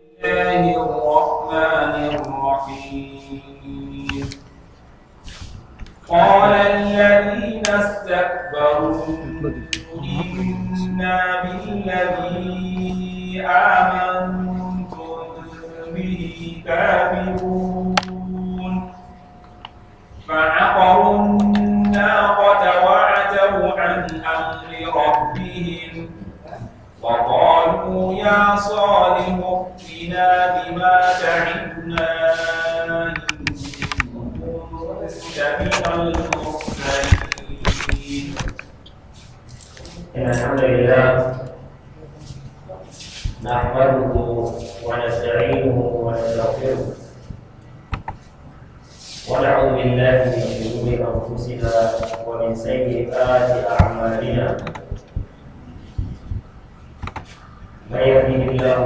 الله الرحمن الرحيم قال الذين استكبروا إنا بالذي آمنتم به كافرون فعقروا الناقة وعتوا عن أمر ربهم وقالوا يا صالح بِآيَاتِنَا بِمَا تَعِدُنَا كنت من المرسلين إن الحمد لله نحمده ونستعينه ونستغفره ونعوذ بالله من شرور أنفسنا ومن سيئات أعمالنا من يهده الله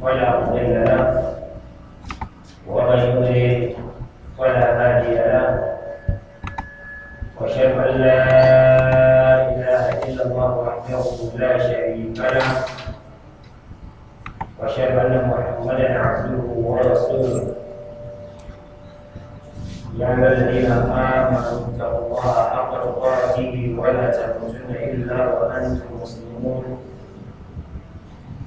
ولا مضل له ومن يضلل فلا هادي له واشهد ان لا اله الا الله وحده لا شريك له واشهد ان محمدا عبده ورسوله يا الذين امنوا اتقوا الله حق تقاته ولا تموتن الا وانتم مسلمون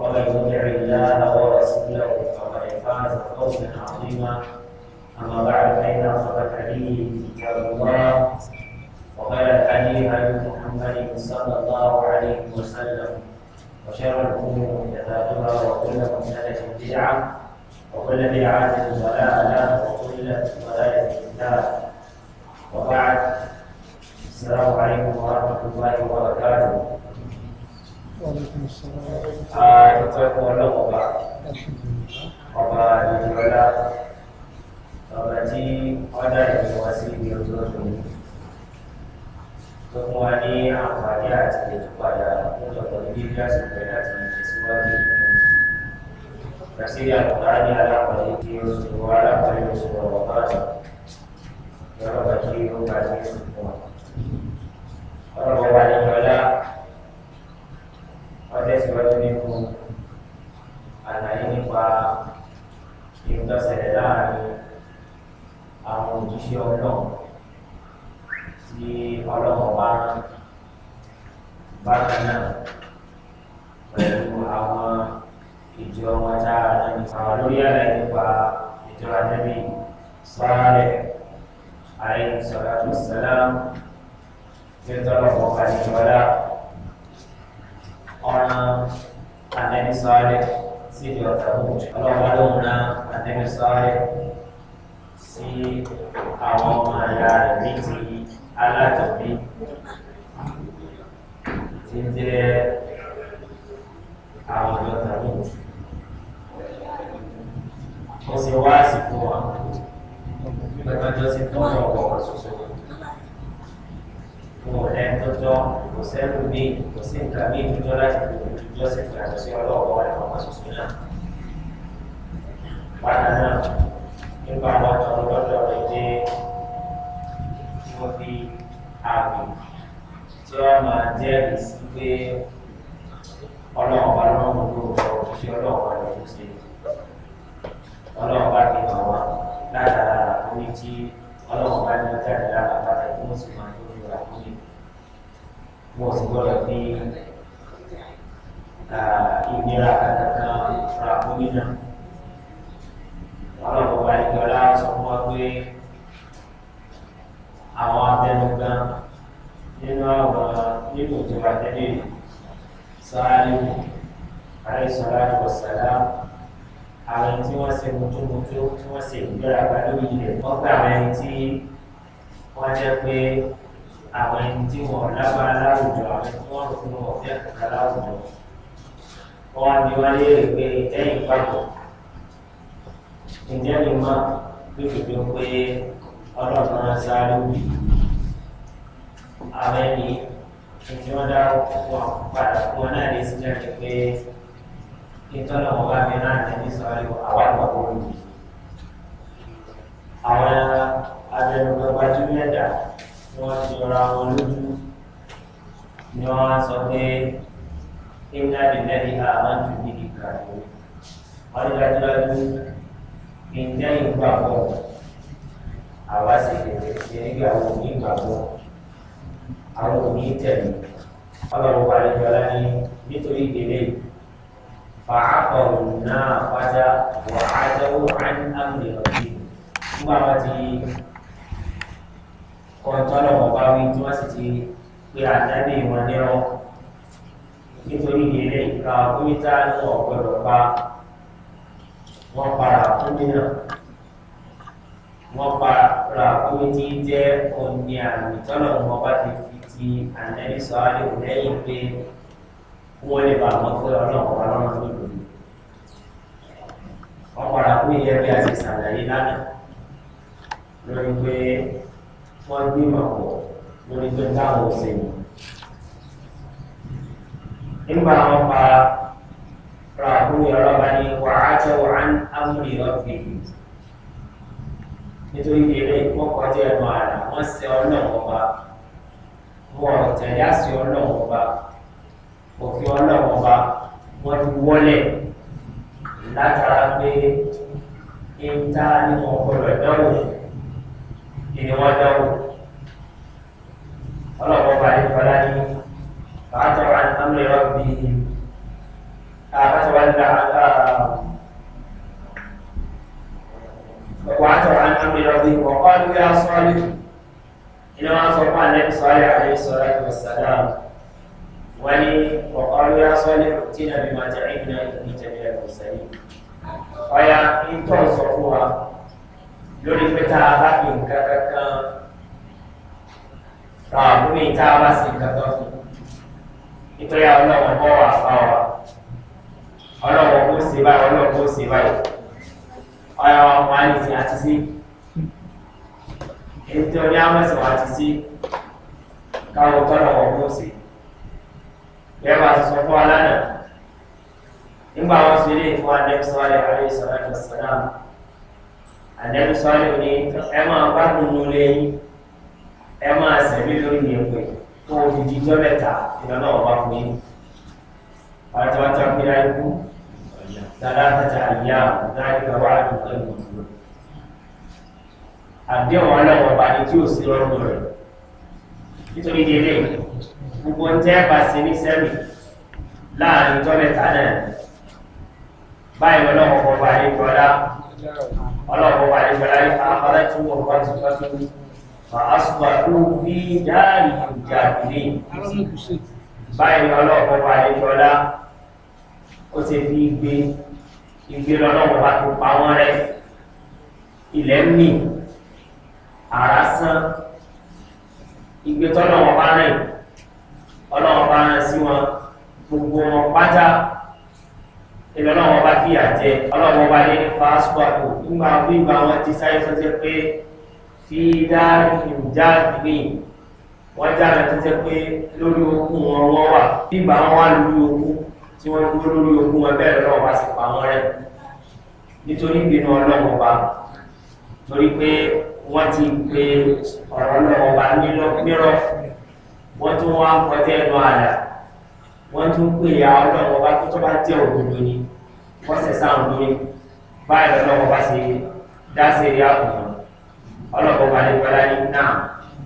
ومن يطع الله ورسوله فقد فاز فوزا عظيما اما بعد فان اصدق الحديث كتاب الله وقال الحديث عن محمد صلى الله عليه وسلم وشر الامور محدثاتها وكل محدثه بدعه وكل بدعه ضلاله وكل ضلاله في النار وبعد السلام عليكم ورحمه الله وبركاته Wàlẹ́kùn sọ́rọ̀. Ààrẹ tí ẹkùn ọlọ́wọ́ bá. Ọba ìjọba ọba tí ọjà ìwọ̀n wá sí ibi ọjọ́ ọdún yìí. Tó fún wa ní àǹfààní àti ìtúpadà lọ́dọ̀ ní bí àsìkò ẹ̀ láti ìtẹ̀síwájú nínú ọtẹsíwájú nínú àlàyé nípa ìmúdọ́sẹ̀lẹ̀ láàrin àwọn òjíṣẹ́ ọlọ́run tí ọlọ́run bá bákan náà pẹ̀lú àwọn ìjọ wọn tá a rán ní àwọn lórí àlàyé nípa ìjọ adébí sọ́ọ́lẹ̀ àyè sọ̀rọ̀ àti sẹ́lá tí ó tọ́lọ̀ fọ́pàá ní ìjọba ọ̀ràn ànẹ́bí sọ́ọ́lẹ̀ síbi ọ̀tà òkùnjẹ ọlọ́wọ́ ló ń ran ànẹ́bí sọ́ọ́lẹ̀ sí àwọn ọmọ ẹ̀yà rẹ̀ ní ti alátọ̀bí ti jẹ́ àwọn ọ̀tà òkùnjẹ ó sì wá àsìkò wọn pẹ̀lú ọjọ́ sí tó ń rọ̀ ọ̀pọ̀ wọn ò lẹ́nu tó jọ kò sẹ́nu mi kò sí nǹkan mi ìdújọ́ láti fi ìdújọ́ sí ìgbàgbọ́ sí ọlọ́ọ̀bọ rẹ̀ ọ̀pá ṣoṣo náà. bákan náà nípa àwọn ọ̀tọ̀ lọ́dọ̀ rẹ̀ jẹ́ wọ́n fi àmì tí wọ́n máa jẹ́rìí sí pé ọlọ́ọ̀bá lọ́wọ́ gbogbo òṣìṣẹ́ ọlọ́ọ̀bá rẹ̀ ló ṣe ọlọ́ọ̀bá fi hàn wá látara àkómi tí ọlọ́ọ̀bá ní ọjà ìlànà pàtàkì mùsùlùmá wọn sì gbọ́dọ̀ fi ìnira kankan ra omi náà ọlọ́run ọba ìjọba sọ fún wa pé àwọn abẹnugan nínú àwọn nínú ìjọba tẹ́lẹ̀ sáárì àìsànlá ìwọ̀sàlá àwọn tí wọ́n ṣe mutúmutú tí wọ́n ṣe ìgbéraga lórí ilẹ̀ wọ́n gbà wọ́n ẹni tí wọ́n jẹ́ àwọn ẹni tí wọn lágbára láwùjọ àwọn tí wọn rò fún wọn fẹ́ kàkà láwùjọ wọn wá ní wọn léèrè pé lẹ́yìn papọ̀ ǹjẹ́ ni má lójoojú pé ọlọ́run máa sáré wù àwọn ẹni tí wọ́n dá wọn padà fún wọn náà lè sílẹ̀ ni pé nítorí àwọn bá mi náà lè ní sọ́ọ́rí àwọn àgbàgbọ́ wù àwọn abẹnugbàgbà júlẹ̀ wọ́n jọra wọn lójú ni wọ́n á sọ pé iná nílẹ̀ ní àwọn tó ní kíkà ní wọ́n ní dájúdájú ìjẹ́ ìgbàgbọ́ àwa sì lè ṣe nígbà wo ní ìgbàgbọ́ àwọn òní tẹ̀lé ọlọ́run wà ní ìjọba ní nítorí ìdílé fàákọ̀ọ̀rùn náà fájá wà á jẹ́wọ́ àmì ọ̀gbìn nígbà wọn ti ọ̀tọ́lọ̀ ọba wí tí wọ́n sì ti pe àdáni wọn nírọ́ nítorí ìdílé ìka oníta ní ọ̀gbọ́dọ̀ pa wọ́n para kúndé náà wọ́n para kúndé tí ń jẹ́ òní àmì tọ́lọ̀ ọba ti fi ti àdáni sọ àlẹ́ lẹ́yìn pé wọ́n lè bá àwọn fẹ́ ọlọ́run wa lọ́nà nílùú yìí wọ́n para kúndé yẹn bí a ti sàlàyé lánàá lórí pé wọ́n gbé màpọ̀ lórí pé táwọn ò ṣe yìí. nígbà wọn pa ràbúrò ọlọ́ba ní wàá tẹ wàá ń amúlé ọ̀gbìn yìí nítorí eré wọ́n kọjá ẹnu àrà wọ́n sẹ ọlọ́run ọba wọ́n tẹ̀lé ìní wọn dánwò ọlọ́pàá bàálí fọlá ní fàátọ̀wá amúlẹ̀ rọ́bì àbátọ̀wá ní وعتوا عن امر ربهم وقالوا يا صالح انما صرفا النبي صالح عليه الصلاه والسلام ولي وقالوا يا صالح ائتنا بما تعدنا ان كنت من المرسلين ويا ان تعصفوها lórí pé tá a bá fi nǹkan kankan ra àbúrò tá a bá sì nǹkan kan fún nítorí ọlọ́run bọ́ wà fà wá ọlọ́run kó ṣe báyìí ọlọ́run kó ṣe báyìí ọ̀rọ̀ ọmọ àìsàn àti sí ètò ní amọ̀sán àti sí káwọn tọ́lọ̀ wọn kó ṣe yẹ́n a àdẹ́bí sọ́ọ́lẹ̀ òní ẹ máa bá dùnú léyìn ẹ máa sẹ̀mí lórí ní ẹ̀pẹ̀ tó o fi jíjọ́ mẹ́ta ìlànà ọba fún yín pátápátá pínlẹ̀ ikú dáadáa tata àyà dáadáa wà lókè lókè àdéhùn ọlọ́wọ́ ọba ni tí ò sí lọ́rùn rẹ̀ nítorí délé gbogbo ń tẹ́ bá sí ní sẹ́mi láàrin tọ́lẹ̀ tánà báyìí ọlọ́wọ́ ọba ni tọ́lá ọlọ́wọ́ wà ní gbẹ̀rẹ̀ ayé àkọ́lẹ́ tó wọ̀ wá ti fẹ́ fún àásùwà tó fi jáàrí ìjà ìlé báyìí ọlọ́wọ́ wà ní gbọ́lá ó ti fi gbé ìgbé lọ́wọ́ wá tó pa wọ́n rẹ̀ ilẹ̀ mì àrá sán ìgbé tọ́lọ́wọ́ bá rìn ọlọ́wọ́ bá rìn sí gbogbo wọn pátá ìbẹ̀ náà wọ́n bá fi àjẹ́ ọlọ́wọ́ bá lé nípa aṣọ́pọ̀ nígbà gbígbà wọn ti sáyé tó jẹ́ pé fi dáàbì jáde wọ́n jáde tó jẹ́ pé lórí okun wọn wọ́n wà gbígbà wọn wà lórí okun tí wọ́n dúró lórí okun wọn bẹ́ẹ̀ lọ́wọ́ bá sì pa wọn rẹ̀ nítorí ìgbìnà ọlọ́wọ́ bá torí pé wọ́n ti pe ọ̀rọ̀ ọlọ́wọ́ bá nírọ̀ wọ́n tún wá kọjá ẹnu àlà wọ́n tún pè ya ọlọ́run ọba tó bá jẹ́ òdodo ni wọ́n sì sáwọn ní báyìí ọlọ́run ọba sì dá sí àkùnrin ọlọ́run ọba ní gbọ́dá ní náà.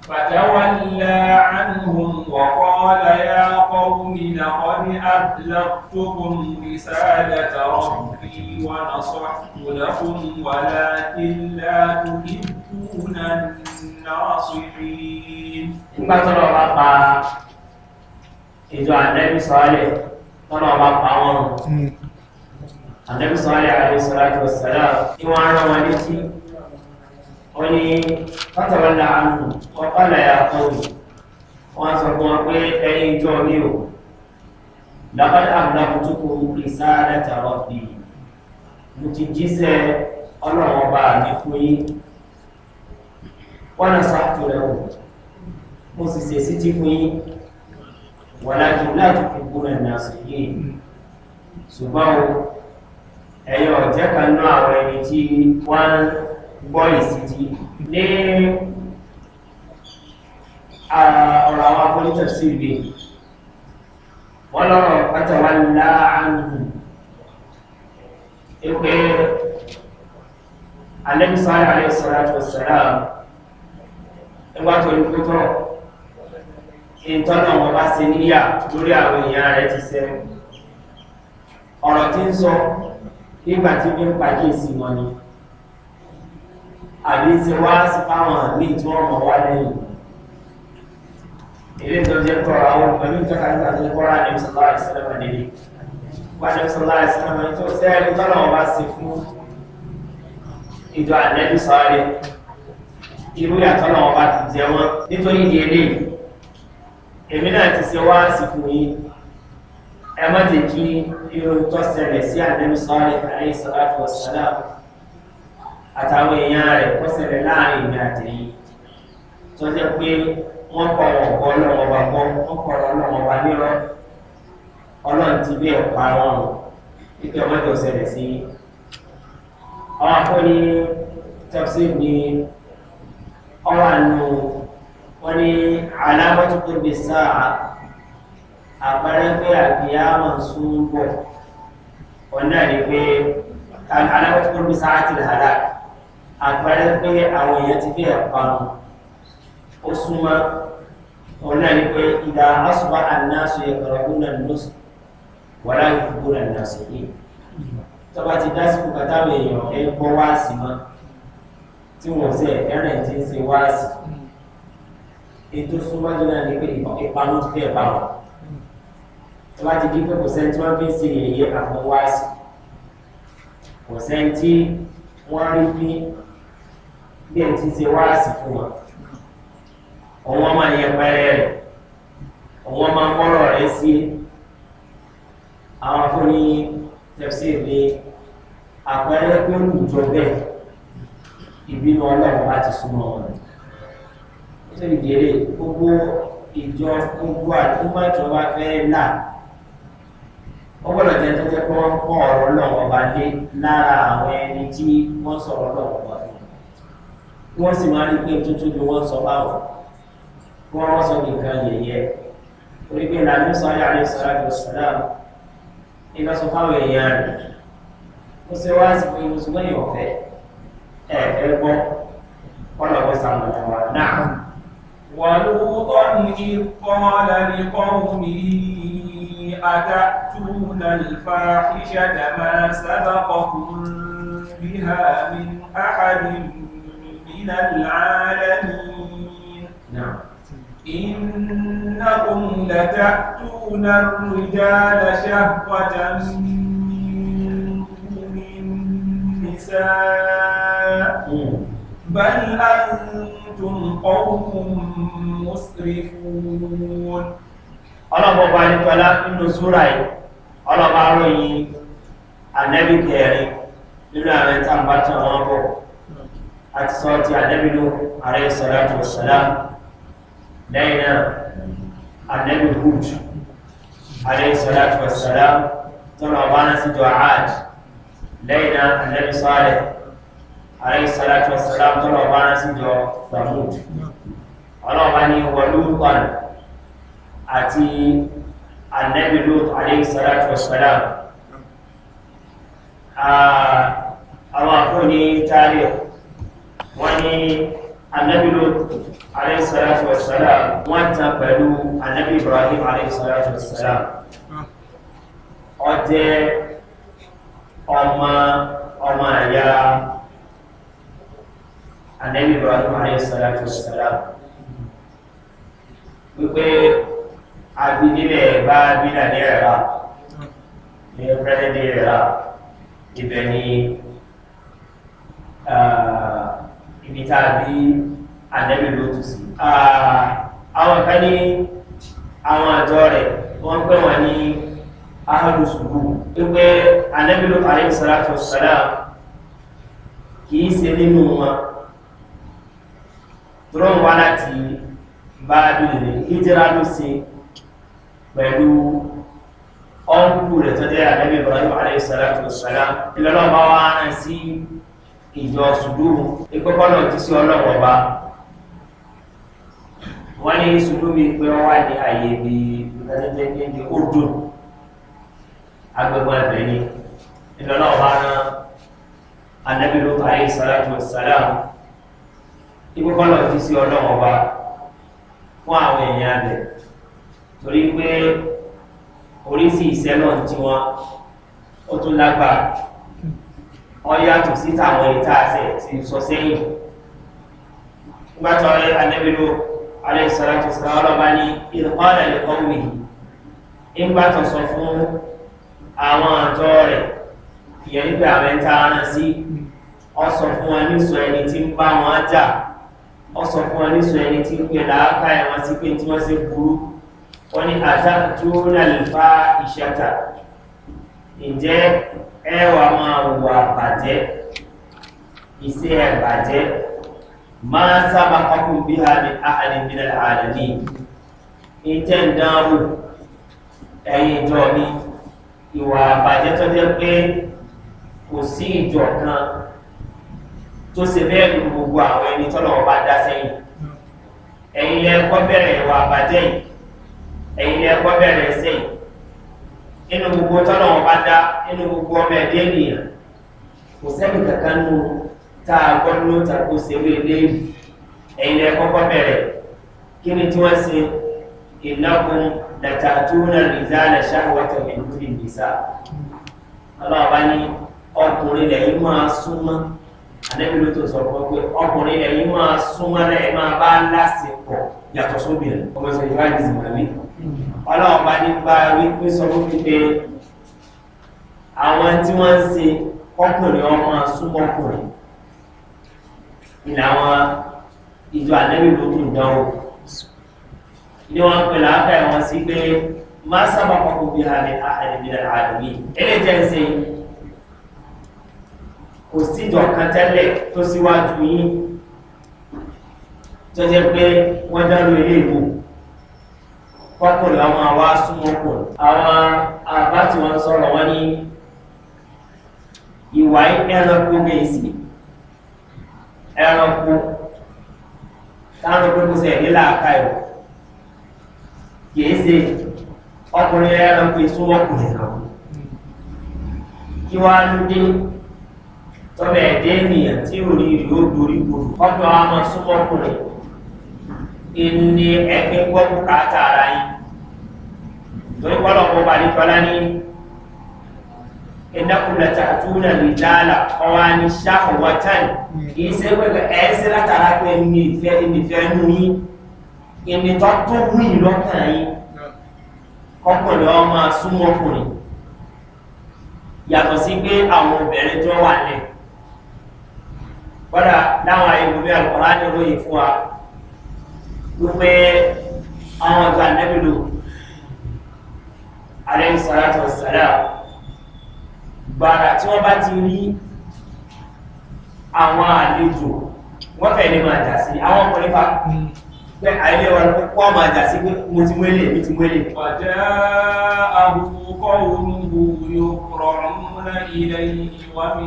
فتولى عنهم وقال يا قوم لقد أبلغتكم رسالة ربي ونصحت لكم ولكن لا تحبون الناصحين. ìjọ ànẹ́bí sọ́ọ́lẹ̀ tọ́nà ọba pa wọn hmm. ànẹ́bí sọ́ọ́lẹ̀ àdéṣọ́lájú ọ̀sẹ̀lá ní wọ́n rán wọn létí wọ́n ní pátáwọ́lá àánú wọ́n pàlà yàtọ̀ wọ́n sọ fún wọn pé ẹyin ìjọ mi ò lápàdé àbúlákùtùkù ìsáàdà tààrọ̀ bì mo ti jíṣẹ́ ọlọ́run ọba ولكن لا تحبون الناصحين ṣùgbọ́n ẹ̀yin ọ̀jẹ́ kan náà àwọn ẹni tí wọ́n gbọ́ ìsìtì ní ọ̀rọ̀ àwọn afọ́nítọ̀ sí ìgbé wọ́n lọ́rọ̀ pátá wá láàánú pé alẹ́bísáyà alẹ́ sọ́ra tó ìtọ́nà wọn bá se níyà lórí àwọn èèyàn rẹ̀ ti sẹ́ ọ̀rọ̀ tí ń sọ nígbà tí bí ń pàkíyèsí wọn ni àbí ń se wá sí fáwọn àmì tí wọ́n mọ̀ wá lẹ́yìn ilé ìjọ jẹ́ kọ́ra àwọn pẹ̀lú ìjọba nígbà tó kọ́ra ní ìṣọ̀lá ìṣẹ́lẹ̀mọ̀ nílé wájú ìṣọ̀lá ìṣẹ́lẹ̀mọ̀ tó sẹ́ẹ̀rì tọ́nà wọn bá se fún ìjọ ànẹ́bí sọ́ọ́rẹ́ irú ìyàtọ̀ náà wọn bá ti jẹ wọn nítorí ìdí eléyìí èmi náà ti ṣe wá àsìkò yìí ẹ má jẹ kí irun tó ṣẹlẹ̀ sí àdẹ́nu sọ́ọ̀rẹ́ àlẹ́yìn sọ́láàtì ọ̀sálà àtàwọn èèyàn rẹ̀ kó ṣẹlẹ̀ láàrin ìgbà àtẹ̀yìn tó jẹ́ pé wọ́n kọ̀ wọ́n kọ́ wa gbọ́ wọ́n kọ̀ ọlọ́wọ́ wa nírọ́ ọlọ́run ti bí ẹ̀kọ́ àwọn ọ̀rọ̀ kíkẹ́ ọmọ tó ṣẹlẹ̀ sí ọmọ akọ́ni tẹ́pṣì ní ọwọ́ àánú wọ́n ní aláwọ̀tí pé bí sáà àpẹẹrẹ pé àgbéyàwó sún bọ̀ wọ́n náà ni pé aláwọ̀tí pé bí sáà ti hàdá àpẹẹrẹ pé àwọn èèyàn ti fẹ́ parun ó súnmọ́ wọ́n náà ni pé ìdá asùnmọ́ ànáṣe ẹ̀kọ́rọ̀kún náà lọ́sùn wọ́n láyé fúgbó náà lọ́sùn yìí tọ́ba ti dásìkò kàtàwé èèyàn ẹ̀ gbọ́ wáàsì mọ́ tí wọ́n sẹ́ ẹ̀rẹ̀ ti ń se wáàsì ètò súnmọ́jú náà ní pé ìpamọ́ ti fẹ́ bá wọn tó bá ti di pé kò sẹ́ni tí wọ́n fi ń ṣe yẹ̀yẹ́ àwọn wáàsì kò sẹ́ni tí wọ́n rí bí bí ẹ̀ ti ṣe wáàsì fún wọn òun ọmọ yẹn pẹ́rẹ́ rẹ̀ òun ọmọ kọ́rọ̀ rẹ̀ sí àwọn fúnni tẹ̀sí ní àpẹẹrẹ pé olùjọ bẹ́ẹ̀ ìbínú ọlọ́run láti súnmọ́ wọn tó ìdèrè gbogbo ìjọ gbogbo àdúgbò ìjọba fẹ́ là wọ́n gbọ́dọ̀ jẹ́ tó jẹ́ pé wọ́n pọ̀ ọ̀rọ̀ lọ́wọ́ ọba dé lára àwọn ẹni tí wọ́n sọ̀rọ̀ lọ́wọ́ ọba dé wọ́n sì máa rí pé tuntun ni wọ́n sọ báwọn kí wọ́n sọ nìkan yẹ̀yẹ́ orí pé làánú sọ́yà àlẹ́ sọ́yà àlẹ́ sọ́yà ìgbà sọ fáwọn èèyàn rẹ̀ ó ṣe wá sí pé mùsùlùmí ọ̀fẹ́ ẹ̀ẹ́dẹ́gbọ́n ọlọ́wọ́ sàmùnà wà náà. ولوطا إذ قال لقومه أتأتون الفاحشة ما سبقكم بها من أحد من العالمين نعم إنكم لتأتون الرجال شهوة من النساء بل أنتم antum qawmun musrifun ọlọ́pọ̀ bá ní pẹ̀lá nínú súra yìí ọlọ́pọ̀ aróyìn ànẹ́bì kẹrin nínú àwọn ẹ̀ta ń bá tẹ̀ wọ́n bọ̀ àti sọ ti ànẹ́bì ló ààrẹ ìsọ̀lájú ọ̀sọ̀lá lẹ́yìn náà ànẹ́bì hood ààrẹ ìsọ̀lájú ọ̀sọ̀lá tọ́lọ̀ ọba náà sí jọ àád lẹ́yìn náà ànẹ́bì sọ́ọ̀lẹ̀ aleyhi salatu wa salam tó lọ́ọ́ bá rántí jọ samud ọlọ́ọ̀bá ní wọlúùkọ́n àti anabi lut aleyhi salatu wa salam àwọn àfúnni tààrí wọ́n ní anabi lut aleyhi salatu wa salam wọ́n tan pẹ̀lú anabi ibrahim aleyhi salatu wa salam ọjẹ́ ọmọ ọmọ àyà ànẹ́bí ibrahim aleyhisalatu wasalam wípé agbègbè bá bílà ní ẹ̀rá ní pẹ́lẹ́dé ẹ̀rá ibẹ̀ ni ibi tá a bí ànẹ́bí ló tù sí àwọn kan ní àwọn àjọ rẹ̀ wọ́n pẹ́ wọn ní ahàlù sùgbù wípé ànẹ́bí ló aleyhisalatu wasalam kìí se nínú wọn tọ́lọ́run wá láti bá dùnrin ìjẹ́ra ló se pẹ̀lú ọ́nkù rẹ̀ tó jẹ́ àdẹ́bẹ̀ ibrahim aláìsàlátùsàlá ìlọ́lọ́ba wá rán sí ìjọ sùdúrù ìkọ́kọ́lọ̀ ti sí ọlọ́wọ́ba wọ́n ní sùdúrù pé wọ́n wá ní àyè bí ìdájọ́jẹ́ ní odò ibi kọ́lọ̀ ti sí ọlọ́run ọba fún àwọn èèyàn rẹ̀ torí pé oríṣi ìṣẹ́ náà tí wọ́n ó tún lágbàá wọ́n yàtọ̀ sí tàwọn ìta àṣẹ ti sọ sẹ́yìn nígbà tó ọ̀rẹ́ anábìlú aláìsọ̀rọ̀ tó sọ̀rọ̀ ọlọ́ba ní ìrọ̀kọ́lẹ̀ lẹ́kọ́ mi nígbà tó sọ fún àwọn àtọ́ rẹ̀ ìyẹn nígbà àwọn ẹ̀ta ara sí ọ fún wọn sọ ẹni tí ń bá wọn jà ọsọ fún wọn nísọ ẹni tí ń pè láàká ẹ̀wọ̀n sí pé tí wọ́n sì burú wọ́n ní àtà tó nàlùfà ìṣẹ́ta ǹjẹ́ ẹwà máa wà bàjẹ́ iṣẹ́ ẹ̀bàjẹ́ máa sábà kọkùn bí a àhàlì ìbílẹ̀ ààrẹ ní ìjẹ́ ìdánwò ẹ̀yìn ìjọ mi ìwà àbàjẹ́ tó jẹ́ pé kò sí ìjọ kan tó ṣe bẹ́ẹ̀ lu gbogbo àwọn ẹni tọ́lọ̀ wọn bá dá sẹ́yìn ẹ̀yin lẹ ẹ̀kọ́ bẹ̀rẹ̀ ìwà àbájẹ́ yìí ẹ̀yin lẹ ẹ̀kọ́ bẹ̀rẹ̀ sẹ́yìn inú gbogbo tọ́lọ̀ wọn bá dá inú gbogbo ọmọ ẹ̀dẹ́ ènìyàn kò sẹ́ni kankan nù tá a gbọ́ nù tàbí ṣèwé lé ẹ̀yin lẹ ẹ̀kọ́ bẹ̀rẹ̀ kí ni tí wọ́n ṣe ìnáwó dàtàtúnà rìzálà ṣáwọ́tà mẹ́rin nìsa ọlọ́ọ̀bá ní ọkùnrin lẹ́yìn máa súnmọ́ àdẹ́bí ló tó sọ fún ọ pé ọkùnrin ẹ̀yin máa súnmọ́ náà ẹ máa bá láti pọ̀ yàtọ̀ sóbìnrin ọmọ ìṣẹ̀lẹ̀ ìwádìí sì máa wí ọlọ́run bá ní bá wípé sọ fún pípé àwọn tí wọ́n ń se ọkùnrin ọmọ súnmọ́kùnrin ìlàwọn ìjọ àdẹ́bí ló tó ń dánwò ni wọ́n pè láàbẹ̀ wọn sí pé má sábà kọ́kọ́ bí ha ní àdìbí àdìbí ẹlẹ́jẹ̀ ń sẹ́yìn kò síjọ kan tẹ́lẹ̀ tó síwájú yín tó jẹ́ pé wọ́n dárú ilé ìwò kọ́kùnrin àwọn àwa súnmọ́kùn àwọn àbá tí wọ́n sọ̀rọ̀ wọ́n ní ìwà ẹranko mẹ́sì ẹranko táwọn pé kò sẹ̀ nílà àká ìwọ̀ kìí ṣe ọkùnrin ẹranko ìsúnmọ́kùn ẹranko kí wàá ló dé tọ́bẹ̀ ẹ̀dẹ́ ènìyàn tí orí rí ó dorí gbòòrò ọjọ́ àmọ́ súnmọ́kùnrin ìní ẹ̀fín gbọ́ bùkátà ara yín torí pọ́lọ́pọ̀ balẹ̀kọ́lá ní ìnákùnlẹ̀tà túnà lè dáàlà ọwá ní ṣàkọ̀wọ́tàn kìí ṣe pẹ̀lú ẹ̀ẹ́sẹ̀ látara pé ní ìfẹ́ ìfẹ́ nú yín ìnìtọ́ tó wù yín lọ́kàn yín kọkùnrin ọmọ súnmọ́kùnrin yàtọ̀ sí pé àwọn obìnrin tó wà lẹ́ẹ̀ kọ́dà láwọn ayélujára àlùkọ́lá ní ròyìn fún wa wípé àwọn ọ̀gá nẹ́bìlú àlẹ́yìn sàrátọ̀ sàrá gbàrà tí wọ́n bá ti rí àwọn àlejò wọ́n fẹ́ lè máa jà sí àwọn ọkùnrin fa pé àìlè wọn kọ́ máa jà sí pé mo ti wélé mi ti wélé. ọ̀jẹ́ àbùkù kọ́ òun wù yóò rọrùn náà ilẹ̀ ìwà mi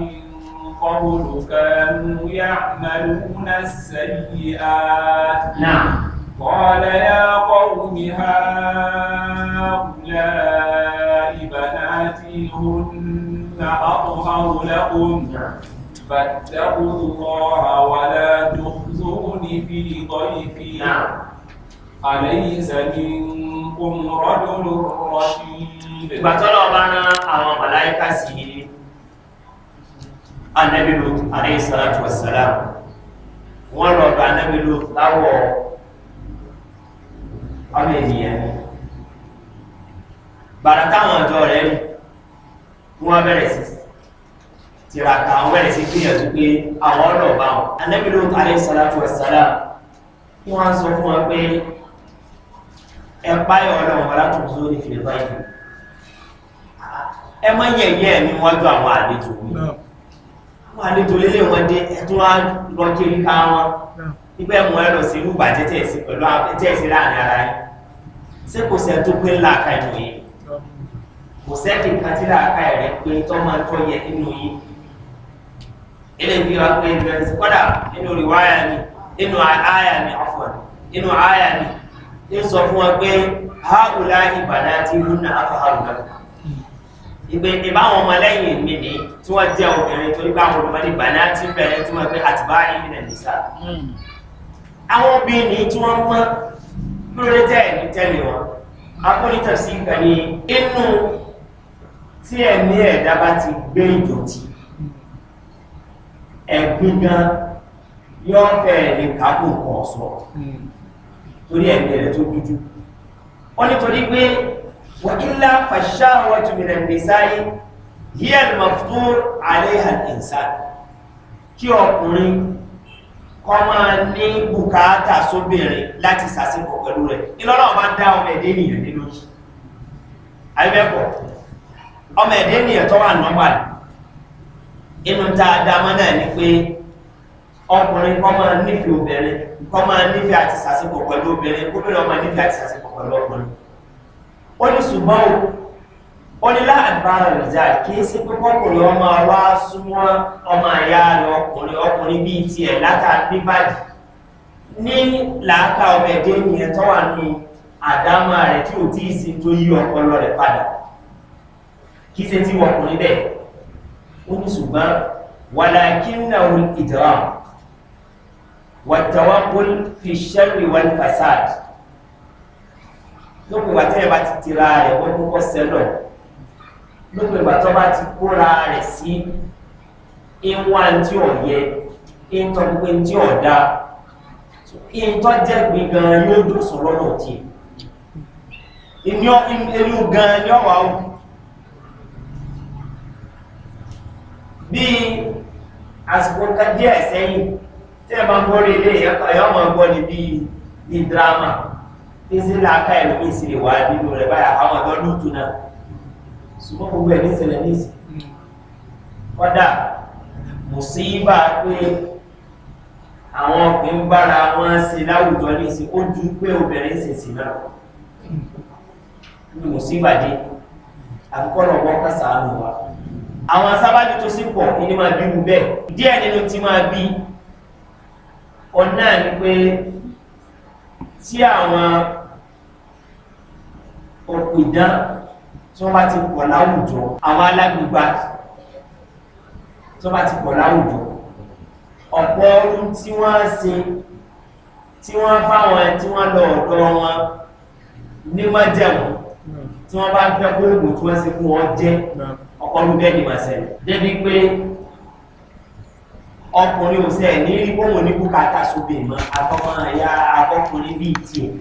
قبل كانوا يعملون السيئات نعم قال يا قوم هؤلاء بناتي هن أطهر لكم نعم. فاتقوا الله ولا تخزوني في ضيفي نعم. أليس منكم رجل رشيد بطلوا بنا أو ملائكة سيدي anabi lut aleyhi salatu wa salam wọ́n lọ bá anabi lut láwọ̀ ọmọ ènìyàn bàrà táwọn ọjọ́ rẹ̀ ń wọ́n bẹ̀rẹ̀ sí tiraka àwọn bẹ̀rẹ̀ sí gbìyànjú pé àwọn ọ̀rọ̀ bá wọn anabi lut aleyhi salatu wa salam wọ́n sọ fún wọn pé ẹ̀pá ọlọ́run alátùnzó ní fìlẹ̀bá ìlú ẹ mọ́ yẹ̀yẹ́ ní wọ́n jọ àwọn àlejò mi wọ́n nítorí lè wọ́n dé ẹ̀tún wá lọ kiri ká wọn nígbà ẹ̀mọ́ ẹ̀rọ sí irú ìbàjẹ́ tẹ̀sí pẹ̀lú tẹ̀sí láàrin ara yìí ṣé kò sẹ́ tó pé láàka ìlú yìí kò sẹ́ẹ̀kì kan tí láàka ẹ̀rẹ́ pé tọ́ máa tọ́ yẹ nínú yìí eléyìí wá pé ìrẹsì kọ́dà nínú rìwáyà mi nínú àyà mi ọ̀fọ̀n nínú àyà mi ń sọ fún wọn pé háùlá ìbàdàn ti rún náà àfọ̀hárùn náà ìgbè ìbáwọn ọmọlẹ́yìn mi ni tí wọ́n jẹ́ obìnrin torí báwọn olùmọ́ ní bàná tí ń bẹ̀rẹ̀ tí wọ́n pé àtìbá ìlú nà nìsà. àwọn obìnrin tí wọ́n pọ́n lórí tẹ́ẹ̀lì tẹ́lẹ̀ wọn akọ́nítọ̀ sí ìgbà ní inú tí ẹ̀mí ẹ̀dá bá ti gbé ìdọ̀tí ẹ̀gbín gan yóò fẹ́ lè kápò kan sọ torí ẹ̀mí ẹ̀dá tó dúdú. wọ́n nítorí pé وإلا فالشهوة من النساء هي المفطور عليها الإنسان kí ọkùnrin kọ́ máa ní bùkátà sóbìnrin láti sàṣepọ̀ pẹ̀lú rẹ̀ nílọ́lọ́ ọba dá ọmọ ẹ̀dẹ́ ènìyàn nínú yìí ayébẹ́pọ̀ ọmọ ẹ̀dẹ́ ènìyàn tó wà nọ́mbà inú tá a dá mọ́ náà ni pé ọkùnrin kọ́ máa nífẹ̀ẹ́ obìnrin kọ́ máa nífẹ̀ẹ́ àti sàṣepọ̀ pẹ̀lú obìnrin gómìnà máa nífẹ̀ẹ́ àti sàṣepọ̀ pẹ̀lú ọkùnrin wọ́n ní ṣùgbọ́n o wọ́n ní láàbára ìjà kìí sí pé kọkùnrin ọmọ wa súnmọ́ ọmọ àyà rẹ̀ ọkùnrin ọkùnrin bíi tiẹ̀ látà níbàdí ní làákà ọmọ ẹ̀dẹ́ ènìyàn tó wà ní àdámọ́ rẹ̀ tí ò tí ì sí tó yí ọpọlọ rẹ̀ padà kìí ṣe tí ọkùnrin bẹ́ẹ̀ ó ní ṣùgbọ́n wàlàkínàwó ìdíwàmù wàtàwàkùn fi ṣẹ́rì wọn fàṣáàdì lópin ìgbà tí ẹ bá ti tira rẹ̀ wọ́n ní kọ́ sẹ́lọ̀ lópin ìgbà tó bá ti kóra rẹ̀ sí ìwọ̀n àti ọ̀yẹ ìtọ́ gbogbo tí ọ̀dá ìtọ́ jẹ́ gbígan yóò dùn sọ lọ́nà tí inú gan ni ọ̀wà ó bí àsìkò ká díẹ̀ sẹ́yìn tí ẹ máa ń gbọ́ rí ilé ẹ̀yọ́ máa ń gbọ́ ní bí drama ìsìlẹ̀ aka ẹ̀ lómi ìsìlẹ̀ wà nínú rẹ̀ báyà àwọn ọ̀dọ́ lùtù náà ṣùgbọ́n gbogbo ẹ̀ ní ìsìlẹ̀ ní ìsìn kọ́dà mùsíbà pé àwọn ọkùnrin bára wọn ṣe láwùjọ ní ìsìn ó ju pé obìnrin ṣe sí náà ní mùsíbà dé àkọ́kọ́ lọ́wọ́ kásánù wa àwọn sábàbí tó sì pọ̀ ní máa bí mu bẹ́ẹ̀ díẹ̀ nínú ti máa bí ọ̀nà ni pé tí àwọn òkú ìdán tí wọ́n bá ti pọ̀ láwùjọ àwọn alágbègbà tí wọ́n bá ti pọ̀ láwùjọ ọ̀pọ̀ ohun tí wọ́n ṣe tí wọ́n fáwọn tí wọ́n lọ ọ̀dọ́ wọn ní májẹ̀mú tí wọ́n bá fẹ́ kó oògùn tí wọ́n ṣe fún wọn jẹ́ ọ̀pọ̀ ọdún bẹ́ẹ̀ ni màá ṣẹlẹ̀ débi pé ọkùnrin ò sẹ́ẹ̀ ní rí bóun ní bùkátà sóbì mọ́ àtọ́mọ́ ẹ̀yà akọkùnrin bíi tiẹ̀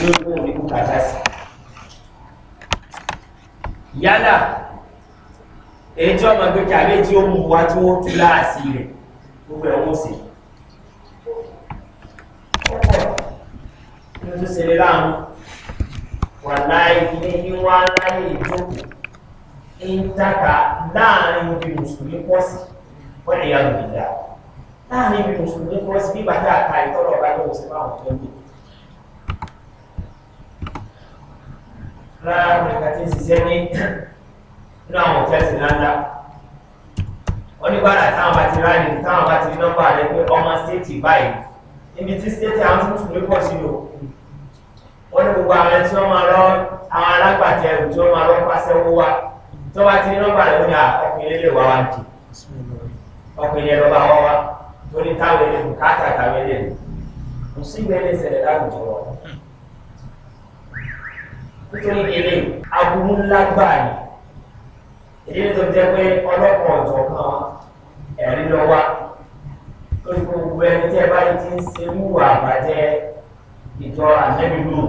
ní rí ní bùkátà sí i yálà èyí tí ọmọ gbé tàbí tí ó mú wa tí wọ́n tú láàsì rẹ̀ gbogbo ẹ̀wọ̀n sí ọ̀pọ̀ tó ṣẹlẹ̀ láàmú wà láì ní wá láyé ìjókòó ń tàkà láàrin ibi mùsùlùmí pọ̀ sí wọ́n lè yàgò ìdá láàrin ibi mùsùlùmí pọ̀ sí bí bàtà àkàrí tọ́lọ̀ bá lọ́wọ́ sí fáwọn tó ń dìbò rárá ọ̀nìkà tí ń ṣiṣẹ́ ní inú àwọn òtẹ́sì láńdá oníbàárà táwọn bá ti ráàlì táwọn bá ti rí nọ́mbà rẹ pé ọmọ stéètì báyìí ibi tí stéètì àwọn tuntun ló pọ̀ sí o wọ́n ní gbogbo àwọn ẹni tí wọ́n máa rọ́ àwọn alágbàtẹ ẹrù tí wọ́n máa rọ́ pàṣẹ owó wa tó bá ti rí nọ́mbà rẹ ó ní ọkùnrin lè wá wa jù ọkùnrin ẹ̀rọ bá wá wa tó ní táwọn ẹlẹ́nu káàtà táwọn ẹlẹ́nu kò sí ìgbẹ́lẹ́sẹ̀ láwùjọ wọn nítorí eré aburú ńlá gbáà ni èdè nítorí jẹ́ pé ọlọ́pàá ọ̀jọ̀ kan ẹ̀rí lọ wá lórí gbogbo ẹni tí ẹ bá ti ń ṣe wúwà àbájẹ́ ìjọ àjẹ́bílù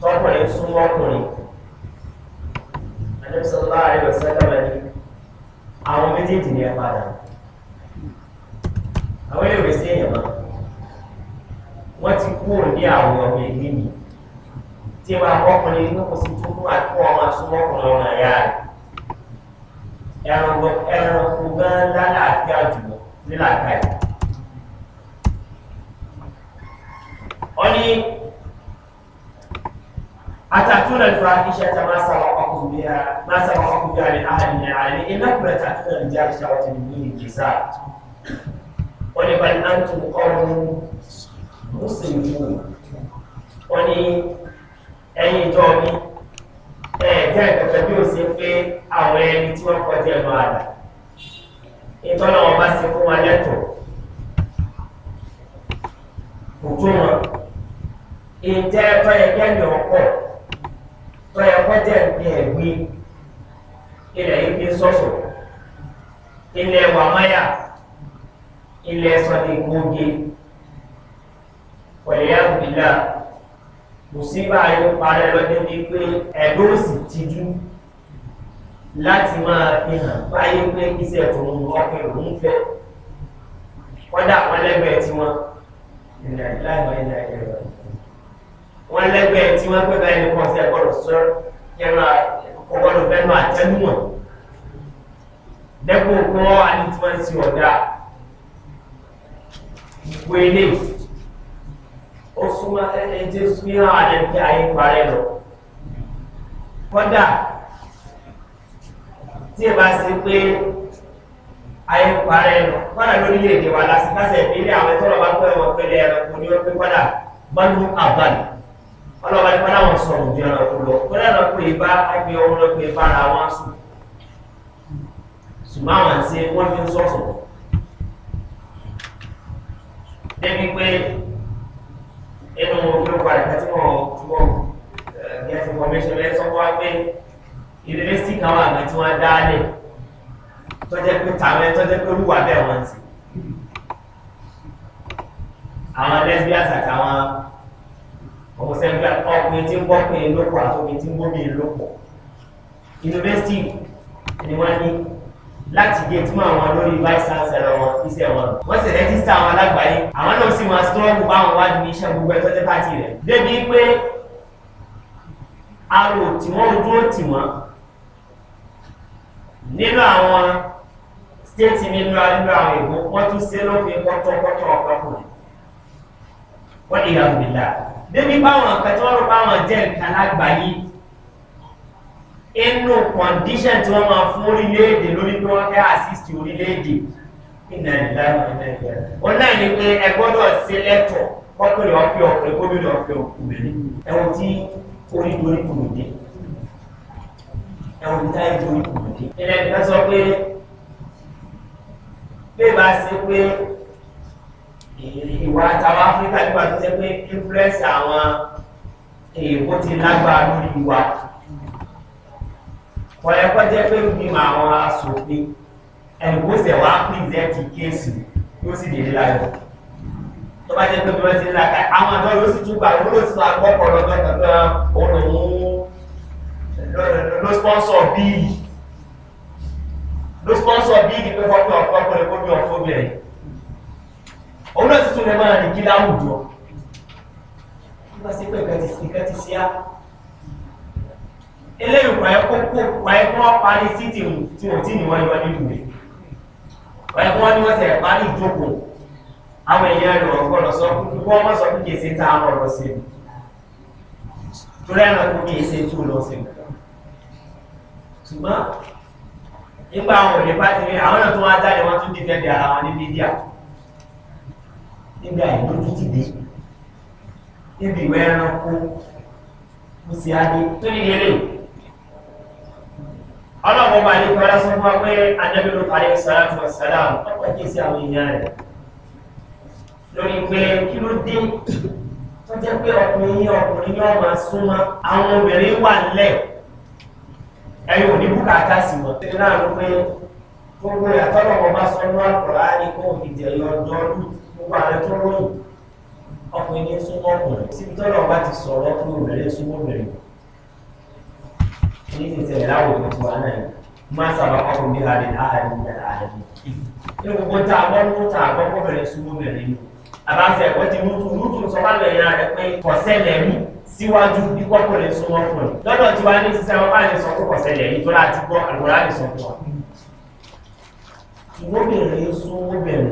tọkùnrin súnmọ́ ọkùnrin àjẹ́bísọ́lá àríwọ̀sẹ́lẹ̀mẹ́ ni àwọn méjèèjì ni ẹ padà àwọn èèwẹ̀ sí èèyàn wọ́n ti kúrò ní àwọn ọmọ ẹgbẹ́ mi tí wàá ọkùnrin ní kò sí tún àkó ọmọ súnmọ́kùnrin ọmọ ẹ̀yà rẹ̀ ẹranko ẹranko gan lálàáfíà jùlọ nílàáfíà yìí. wọ́n ní atatuna alfahisha kama sabakum biha ma sabakum biha min ahadin min alamin innakum la ta'tuna rijala shahwatan min duni nisa wa li bal antum qawmun muslimun wa ni ẹ̀yin ìjọ mi ẹ̀ẹ́dẹ́ ìkọ̀kọ̀ bí ó ṣe pé àwọn ẹni tí wọ́n kọjá ẹnu àdá ìtọ́nà wọn bá ṣe fún wa lẹ́tọ̀ọ́ kò tó wọn ìjẹ́ tọ́yẹ̀kẹ́ ní ọkọ̀ tọ́yẹ̀kọ́ jẹ́ ní ẹ̀gbí ilẹ̀ yìí fi sọ́sọ̀ ilẹ̀ wàmáyà ilẹ̀ sọ̀dẹ̀ gbòógè pẹ̀lú yàgùnlá mùsíbà yóò parẹ́ lọ́jọ́ ní pé ẹ̀dọ́ sì tijú láti máa fi hàn báyé pé iṣẹ́ tòun ọkùnrin òun fẹ́ kọ́dà wọn lẹ́gbẹ̀ẹ́ tí wọ́n ìlà ìlà ìwà ìlà ìlà wọn lẹ́gbẹ̀ẹ́ tí wọ́n pẹ́ báyìí nìkan sí ẹgbọ́dọ̀ sọ kẹrọ ọgbọ́dọ̀ fẹ́nu àtẹnumọ̀ dẹ́kun kọ́ àní tí wọ́n ti ọ̀dà ìwé eléyìí ó súnmọ́ ẹjẹ́ súnmọ́ alẹ́ tí ayé parẹ́ lọ kọ́dà tí ẹ bá ṣe pé ayé parẹ́ lọ kọ́dà lórílẹ̀-èdè wa lásìkásẹ̀ ìpínlẹ̀ àwọn tọ́lọ̀ bá pẹ́ wọn pẹ́lẹ́ ẹranko ní wọ́n pé kọ́dà bọ́dún àbálẹ̀ ọlọ́ba ní kọ́dà wọn sọ̀rọ̀ ju ẹranko lọ kọ́dà lọ pé ibà ẹgbẹ́ ọmọ lọ pé ibà ara wọn sùn ṣùgbọ́n àwọn àti wọ́n fi ń sọ̀sọ̀ débi pé ẹnu olùkọ́ rẹ̀ tí wọ́n tí wọ́n ní ẹ̀sìn kọmíṣẹ́ rẹ̀ sọ wá pé yunifásitì kan wà ní tí wọ́n dá lẹ̀ tọ́jẹ́ pé tàwọn tọ́jẹ́ pé olúwa bẹ́ẹ̀ wọ́n ti àwọn lesbians àtàwọn homosexual ọkùnrin tí ń bọ́kùnrin lóko àtòkùnrin tí ń bóbi lóko yunifásitì ni wọ́n ní láti gé tí máa wọn lórí vice chancellor wọn iṣẹ́ wọn wọ́n sì rẹ́gísítà àwọn alágbàáyé àwọn náà sì máa strọ́ọ̀gù báwọn wá ní iṣẹ́ gbogbo ẹ̀tọ́ tẹ́ pàtì rẹ̀ débi pé arò tí wọ́n dúró tì wọ́n nínú àwọn stéètì nínú nínú àwọn èèwọ̀ wọ́n tún ṣe lófin kọ́tọ́kọ́tọ́ ọ̀pọ̀kùnrin wọ́n lè yàgò nílà débi báwọn kan tí wọ́n rò báwọn jẹ́ nǹkan lágbàáyé inú kọ̀ndíṣẹ̀ tí wọ́n máa fún orílẹ̀-èdè lórí pé wọ́n fẹ́ àsìsì orílẹ̀-èdè ìnà ìlànà nàìjíríà òun náà ni pé ẹ gbọ́dọ̀ ṣe lẹ́tọ̀ kọ́kùnrin ọ̀fẹ́ ọ̀fẹ́ gómìnà ọ̀fẹ́ òkùnrin ẹ̀wọ̀n tí orí dorí kùnú dé ẹ̀wọ̀n tí táyé dorí kùnú dé. ilẹ̀ ìgbà sọ pé pé bá ṣe pé ìwà àtàwọn áfíríkà nígbà tó ṣe pé influence àwọn èèwọ̀ ti lágbára lórí wa kọ̀yẹ́ kọ́ jẹ́ pé ń gbìmọ̀ àwọn asòfin ẹni kó sẹ̀ wá pírẹ́sẹ̀tì kéèsì yóò sì délé láyọ̀ tó bá jẹ́ pé bí wọ́n ti ń la ká àwọn ọ̀dọ́ yóò sì tún gbà wọ́n ló sì máa gbọ́ pọ̀ lọ́dọ̀ tàbí ah, òun ló sponsor bíi ló sponsor bíi ní pé kọ́pẹ́ ọ̀fọ́ ọkùnrin kó bí ọ̀fọ́ bẹ̀rẹ̀ òun náà sì tún lè máa rìn kí láwùjọ. bí wọ́n ti pè nǹkan ti sí á eléyìí kọ̀ ẹ́ kókó kọ̀ ẹ́ kí wọ́n parí títì tí wọ́n ti ní wọ́n yọ nínú rẹ̀ kọ̀ ẹ́ kí wọ́n ní parí ìjókòó àwọn lọ sọ sọ tá a mọ̀ lọ sí torí lọ sí ṣùgbọ́n nígbà àwọn òde àwọn náà tó wá jáde tún dìfẹ́ di ara wọn ọlọ́run ọba yìí kọ́lá sọ fún wa pé anábìrún parí sàlátù ọ̀sálà ọ̀pọ̀ kí sí àwọn èèyàn rẹ̀ lórí pé kí ló dé tó jẹ́ pé ọkùnrin ọkùnrin yóò máa súnmọ́ àwọn obìnrin wà lẹ̀ ẹ̀yìn òní bùkátà sí wọn. ṣé láàrin pé gbogbo ìyàtọ̀lọ̀ wọn bá sọ lọ́wọ́ àkùrá ní kó ìdè ọjọ́ ọdún gbogbo ọkùnrin ní súnmọ́ ọkùnrin síbi tọ́lọ̀ bá ti sọ̀rọ̀ fún obìnrin súnmọ́ obìnrin ní ìsinsìnyí láwùjọ tí wà náà má sábà kọ́kọ́ bí ara rẹ̀ láàrin ní àárín ní gbogbo tá a gbọ́ ní tá a gbọ́ kọ́bẹ̀rẹ̀ súnmọ́ bẹ̀rẹ̀ ni àbáṣe ẹ̀kọ́ ti mú tún rútù sọ́kàlẹ̀ ìyá rẹ̀ pé kọ̀sẹ́lẹ̀ mú síwájú bí kọ́kọ́lẹ̀ súnmọ́ fún ẹ̀ lọ́dọ̀ tí wàá ní sísẹ́ wọn bá lè sọ fún kọ̀sẹ́lẹ̀ yìí tó láti gbọ́ àlùkòrá lè sọ fún wa. ìwọ́bẹ̀rẹ̀ súnmọ́ bẹ̀rẹ̀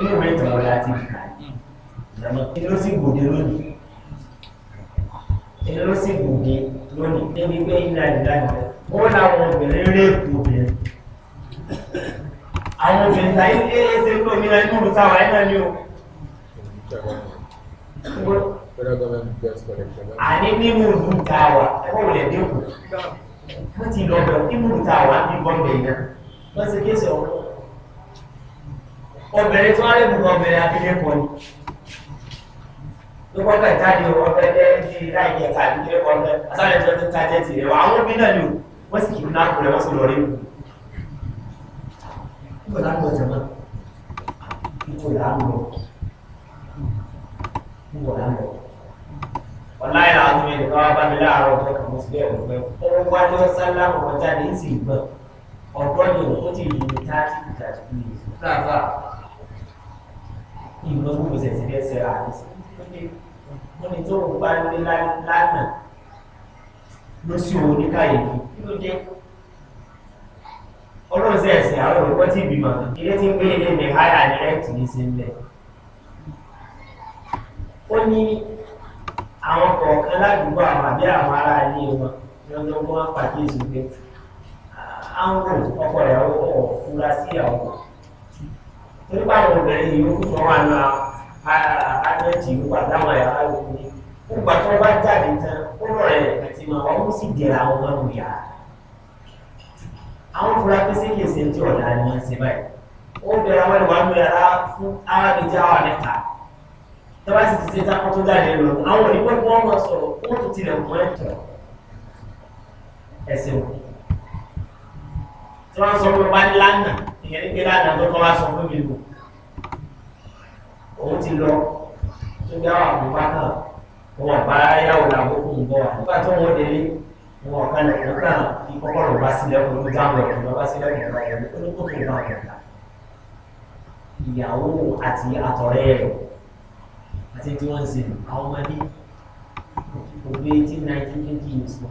inú rẹ̀ tẹ̀wọ́ láti gbà ẹni ló sì gbòde lónìí débi pé ilẹ̀ ìlànà ó láwọn obìnrin réèpù obìnrin àwọn obìnrin tàyí ní ẹsẹ pé omi náà inú ìtawà iná ni o. àní nímú ìlú ìtawà ẹ̀kọ́ wò lè dínkù wọ́n ti lọ bẹ̀rù nímú ìtawà ní bọ́m̀bẹ̀ náà wọ́n ti kéṣe ọ̀rọ̀ obìnrin tó wá lè mú ọbẹ̀rẹ̀ abilékọ ni lọ́kọ́ kan jáde ọ̀fẹ́ lẹ́ẹ̀dì láìpẹ́ tàbí kí lẹ́kọ̀ọ́ lẹ́ asáré tó tó jáde tì rẹ̀ wá àwọn òbí náà ni o wọ́n sì kìí náà kúrẹ́ wọ́n sì lọ rí mu. níbo la ń lọ jẹ̀mọ́ níbo la ń lọ níbo la ń lọ. ọ̀la yẹn àwọn ọmọ ẹ̀dẹ̀ká wá bá mi láàárọ̀ ọ̀fẹ́ kan mo ti bẹ́ẹ̀ wọ̀ pé ọwọ́ wá ní ọ̀sán láwọn ọjà ní ìsìn ìgbọ̀n ọ̀dọ́ ni òun ti lù mí táàtì ìtàjì ìgbà wọ́n ní tó ń bá ní lánà ló sí òun ní káyìí kí ló jẹ́ ọlọ́run sí ẹ̀sìn àwọn olùkọ́ tí ìbímọ ilé tí ń gbé ilé ní háyà direct ní sí ilẹ̀ ó ní àwọn kọ̀ọ̀kan ládùúgbò àwọn àbí àwọn ará ilé wọn lọ́jọ́ wọn pàdé ìṣúgbẹ́ àwọn ọkọ̀ ìyàwó ọ̀ fura sí ìyàwó torípàá àwọn obìnrin yìí ó kú tó wà náà adẹ́tì wà láwọn ẹ̀rọ ayọ̀ ni nígbà tí wọ́n bá jáde tán ó rọ̀ ẹ̀ àti máa wọ́n ó sì dẹ̀ra àwọn ọmọ nù yàrá. àwọn furafẹ́sẹ̀ lè ṣe tí ọ̀dà ni wọ́n ṣe báyìí ó bẹ̀rẹ̀ àwọn ìwà nù yàrá fún arábìjà wà mẹ́ta tọ́ba sì ti ṣe tákọ́ tó jáde lọ àwọn òní wọ́n wọ́n wọ́n sọ̀rọ̀ wọ́n tún tilẹ̀ mọ́ ẹ̀tọ́ ẹ̀sìn wọn. tí wọ́n sọ pé lánàá òun ti lọ tó dá àbúrò náà wọn bá yàwó làbókù ń bọ̀ nígbà tó wọn délé wọn kan lè wọn kàn fi kọ́kọ́rọ́ bá sílẹ̀ kó ló dáhùn ẹ̀kọ́ lọ bá sílẹ̀ kó lọ yẹ kó ló kó tó bá wọn kà ìyàwó àti àtọ̀rẹ́ rẹ̀ àti tí wọ́n ń ṣe àwọn ọmọdé òwe tí nineteen twenty years lọ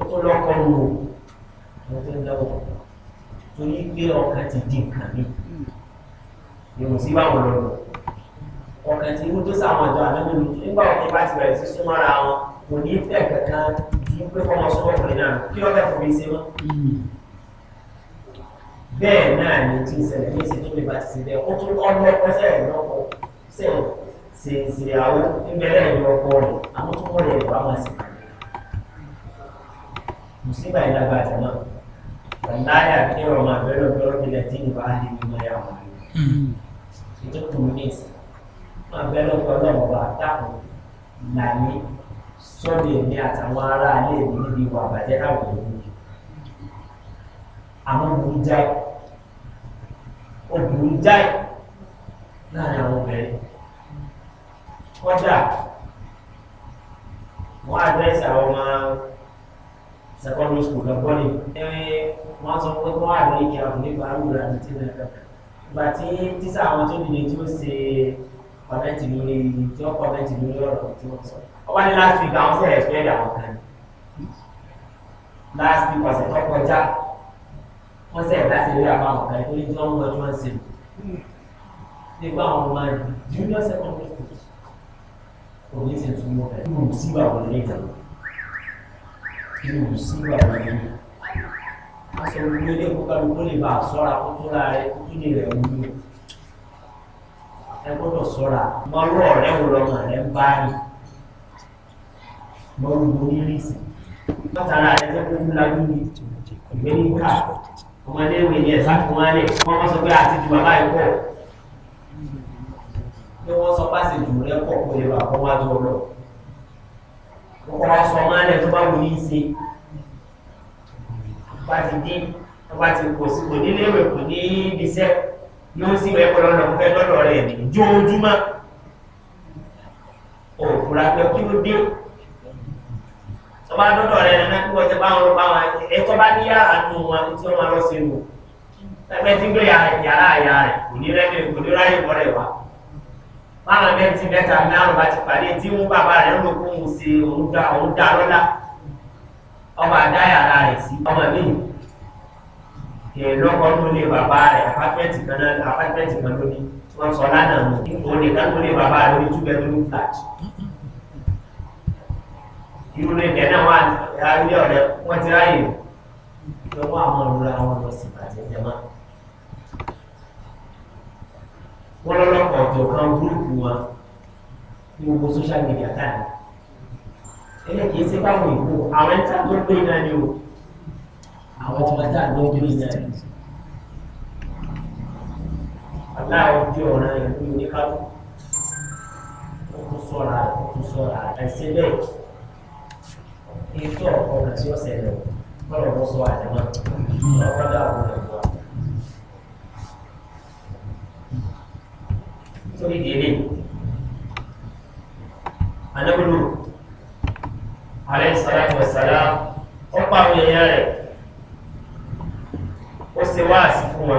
ó tó lọ́kọ́ nù ó tó ń lọ́wọ́ torí pé ọkàn ti di nǹkan mìíràn yòówù sí báwọn lọ́dọ̀ ọ̀kan tí irú tó sàwọn ìjọ àdánwò ni nígbà wọn bá ti bẹ̀rẹ̀ sí súnmọ́ ara wọn kò ní fẹ́ kankan ju pé fọmọ súnmọ́ ọkùnrin náà kí wọ́n fẹ́ fòmí sí mọ́. bẹ́ẹ̀ náà ni tí ìṣẹ̀lẹ̀ ní ìṣẹ̀lẹ̀ tó lè bá ti ṣe bẹ́ẹ̀ ó tún ọdún ọkọ sẹ́yìn lọ́kọ̀ sẹ́yìn ṣèṣe àwọn ìbẹ̀rẹ̀ ìlú ọkọ rẹ̀ àwọn tó wọlé ẹ̀rọ àwọn sì mùsíbà ìlágbà àtẹ̀mọ́ wàláyà kí ọmọ àbẹ̀rẹ̀ ọ̀gbọ́n ìjókòó mínísì máa bẹ lọ́pọ̀ ọlọ́run ọba àtàkùn làmí sọ́ọ̀dì èmi àtàwọn ará ilé mi níbi ìwà àbàjẹ́ láwùjọ mi àwọn burú jáì ó burú jáì láàrin àwọn obìnrin kọ́dà wọ́n àdírẹ́sì àwọn ọmọ secondary school lọ́gbọ́n ni ìgbà tí tíṣà àwọn tó dìde tí ó ṣe kọ̀mẹ́ntì lórí tí ó kọ̀mẹ́ntì lórí ọ̀rọ̀ tí wọ́n sọ ọba ní last week àwọn sẹ̀rẹ̀ ẹ̀sùn àwọn kan last week ọ̀sẹ̀ tó kọjá wọ́n sẹ̀rẹ̀ láti rí àwọn àwọn kan tó ní tí wọ́n ń wọ ẹjọ́ ń ṣe nígbà àwọn ọmọ junior secondary school kò ní ṣe túmọ̀ ẹ̀ kí ni mo sì wà wọlé ìjà kí ni mo sì wà wọlé ìjà sọ wípé ilé kọkàlù kó lè bá sọ́ra kó tó ra rẹ kó tó lè rẹ̀ wúlò ẹ gbọ́dọ̀ sọ́ra mọ́rọ́ rẹ wò lọ́mọ rẹ ń bá rìn mọ́rọ́ borí rìsì látara rẹ jẹ́ kó wúlá ní ká ọmọdé ìwé ni ẹ̀sà fún wa lẹ̀ wọ́n wọ́n sọ pé àti ju bàbá yìí wọ́n sọ pàṣẹ jù rẹ kó lè bà kọ́ wájú ọlọ́ wọ́n wá sọ ọmọ alẹ́ tó bá wù ní ṣe bá ti dín bá ti kò sí kò nílé ìwé kò ní ibiṣẹ́ yóò sì wẹ́ pẹ́lú ọ̀nà fẹ́ lọ́dọ̀ rẹ̀ ní jójúmọ́ òfurá pé kí ló dé tọ́ba lọ́dọ̀ rẹ̀ nana kí wọ́n ti bá wọn bá wọn ẹ̀tọ́ bá ní yàrá nù wọn tí wọ́n lọ sí wò ẹgbẹ́ tí ń gbé yàrá àyà rẹ̀ kò ní rẹ́ni kò ní ráyè wọ́n rẹ̀ wá báwọn ẹgbẹ́ tí mẹ́ta mẹ́rin bá ti pàdé tí wọ́n bàbá rẹ̀ ń lò kó ń ṣe òun dá lọ́la ọmọ àdáyà ara rẹ̀ sí ọmọ mi kẹ lọ́kọ́ ló lé bàbá rẹ̀ apákẹ́ẹ̀tì kan náà apákẹ́ẹ̀tì kan ló ní wọ́n sọ lánàá mọ̀ òun nìkan tó lé bàbá rẹ̀ ní túbẹ̀ tó ní flat. irú ní ìdẹ́ náà wà ilé ọ̀rẹ́ wọ́n ti ráyè lọ́wọ́ àwọn òrùra wọn lọ sí ìbàjẹ́ jẹ́má. wọ́n lọ́lọ́kọ̀ọ̀tọ̀ kan gúrúùpù wọn ní gbogbo social media táyà ẹlẹ́ kìí ṣe báwọn ìbò àwọn ẹ̀ta tó gbé náà ni o àwọn ọmọ ẹ̀ta tó gbé náà ni. aláàrẹ̀ jẹ́ ọ̀ràn ìlú oníkálù ó tún sọ̀rọ̀ ó tún sọ̀rọ̀ àìsí bẹ́ẹ̀ ètò ọ̀nà tí ó ṣẹlẹ̀ bọ́lọ̀ bó sọ àjẹmọ́ ọ̀pọ̀lọpọ̀ àwọn ẹ̀gbọ́n. nítorí délé anábìlú alẹ́ sàlámù ọ̀sàlá ó pa àwọn èèyàn rẹ̀ ó ṣe wáàsí fún wa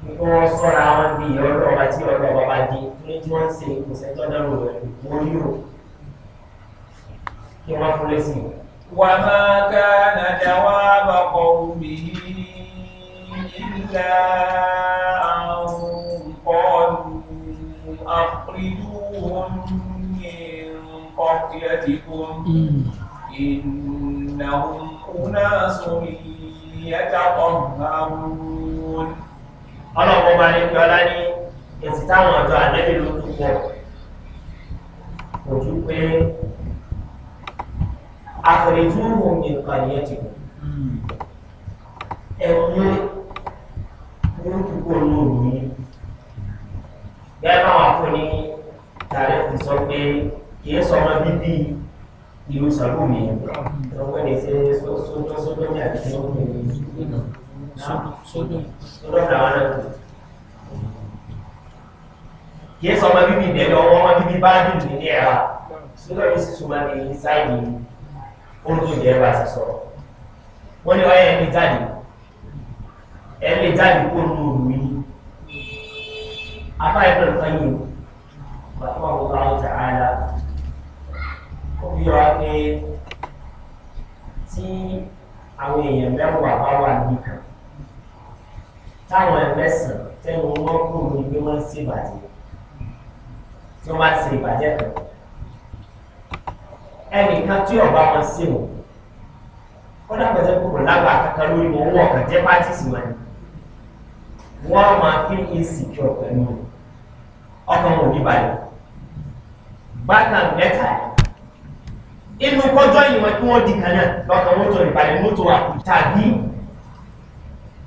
kí wọ́n sọ́ra wọn bí ọ̀rọ̀ ọba tí ọ̀rọ̀ ọba bá dé ní tí wọ́n ń ṣe ìkùnsẹ́tọ́ náà rò rẹ̀ wọ́n yóò kí wọ́n fún lẹ́sìn. wàmà kánà dáwà bá kọ̀ omi ìlà àwọn kọ́ọ̀lù àkúrídù. قريتكم إنهم أناس يتطهرون ọlọ́pọ̀ bá ní gbọ́lá ní èsì táwọn ọ̀dọ́ àdẹ́bì ló tún pọ̀ kò tún pé àfẹ̀rẹ̀tún òun nìkan yẹn ti kù mm. ẹ̀mú hii juu sabuni ni soto nyaki soto tawana kìí sọ ọmọ bíbí ìdẹ́lẹ̀ ọwọ́ ọmọ bíbí bá dùn ní ẹ̀rá sódò ní sísun máa ní sáìdì oúnjẹ ìjẹ́ bá sì sọ̀rọ̀ wọ́n ní wáyé ẹni jáde ẹni jáde kó nù òru yìí afáyé pẹ̀lú kan yìí fún wa pé tí àwọn èèyàn mẹ́wàá bá wà nìkan táwọn ẹ̀mẹ́sàn tẹ́nu wọn kù ní bí wọ́n ń ṣe ìbàjẹ́ tí wọ́n bá ń ṣe ìbàjẹ́ kan ẹnìkan tí ọba wọn ṣe wọn ó dàgbẹ́sẹ̀ kúrò lágbà kankan lórí wọn wọn jẹ́ pátìsì wọn ni wọ́n máa fi insecure pẹ̀lú ọkàn wọn ò ní balẹ̀ bákan mẹ́ta yìí inú kọjọ́ ìwọ̀n kí wọ́n di kan náà lọ́kàn mọ́tò ìbàlẹ̀ mọ́tò àpò tàbí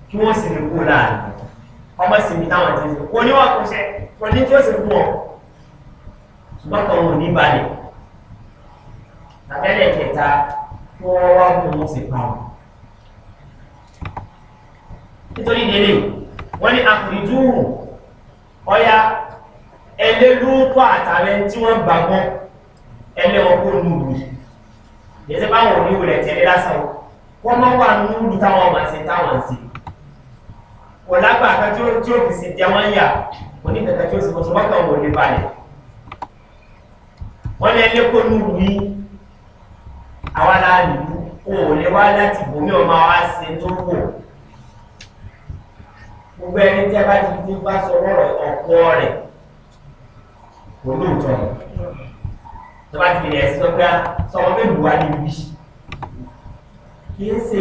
kí wọ́n sì lè kú láàrin ọmọ sì ní táwọn ti sè wọ́n ní wọ́n kọ́ṣẹ́ wọ́n ní tí ó sì kú ọ̀ ṣùgbọ́n kan wọn ò ní balẹ̀ àtẹ́lẹ̀ kẹta kí wọ́n wá mú wọn sì pa wọn. nítorí délé wọ́n ní àfìdúhùn yẹsẹ báwọn oníwò rẹ tẹlẹ lásán o wọn máa wà nínú táwọn ọmọ àti táwọn àti kò lágbà kan tí ó tí ó fi ṣe jẹ wọn yà kò ní kankan tí ó sì kò sọ wọn kàn wò ní balẹ wọn lẹ lẹkọọ nù wí àwa la nìlú o ò lè wá láti bòmí ọmọ wa ṣe tó wò gbogbo ẹni tí a bá ti ti bá sọ ọ̀pọ̀ rẹ̀ kò lóòótọ́ tó bá ti bìrì ẹ̀sìn lọ́gbà sọ̀rọ̀ mélòó wá ní ibi kí é sè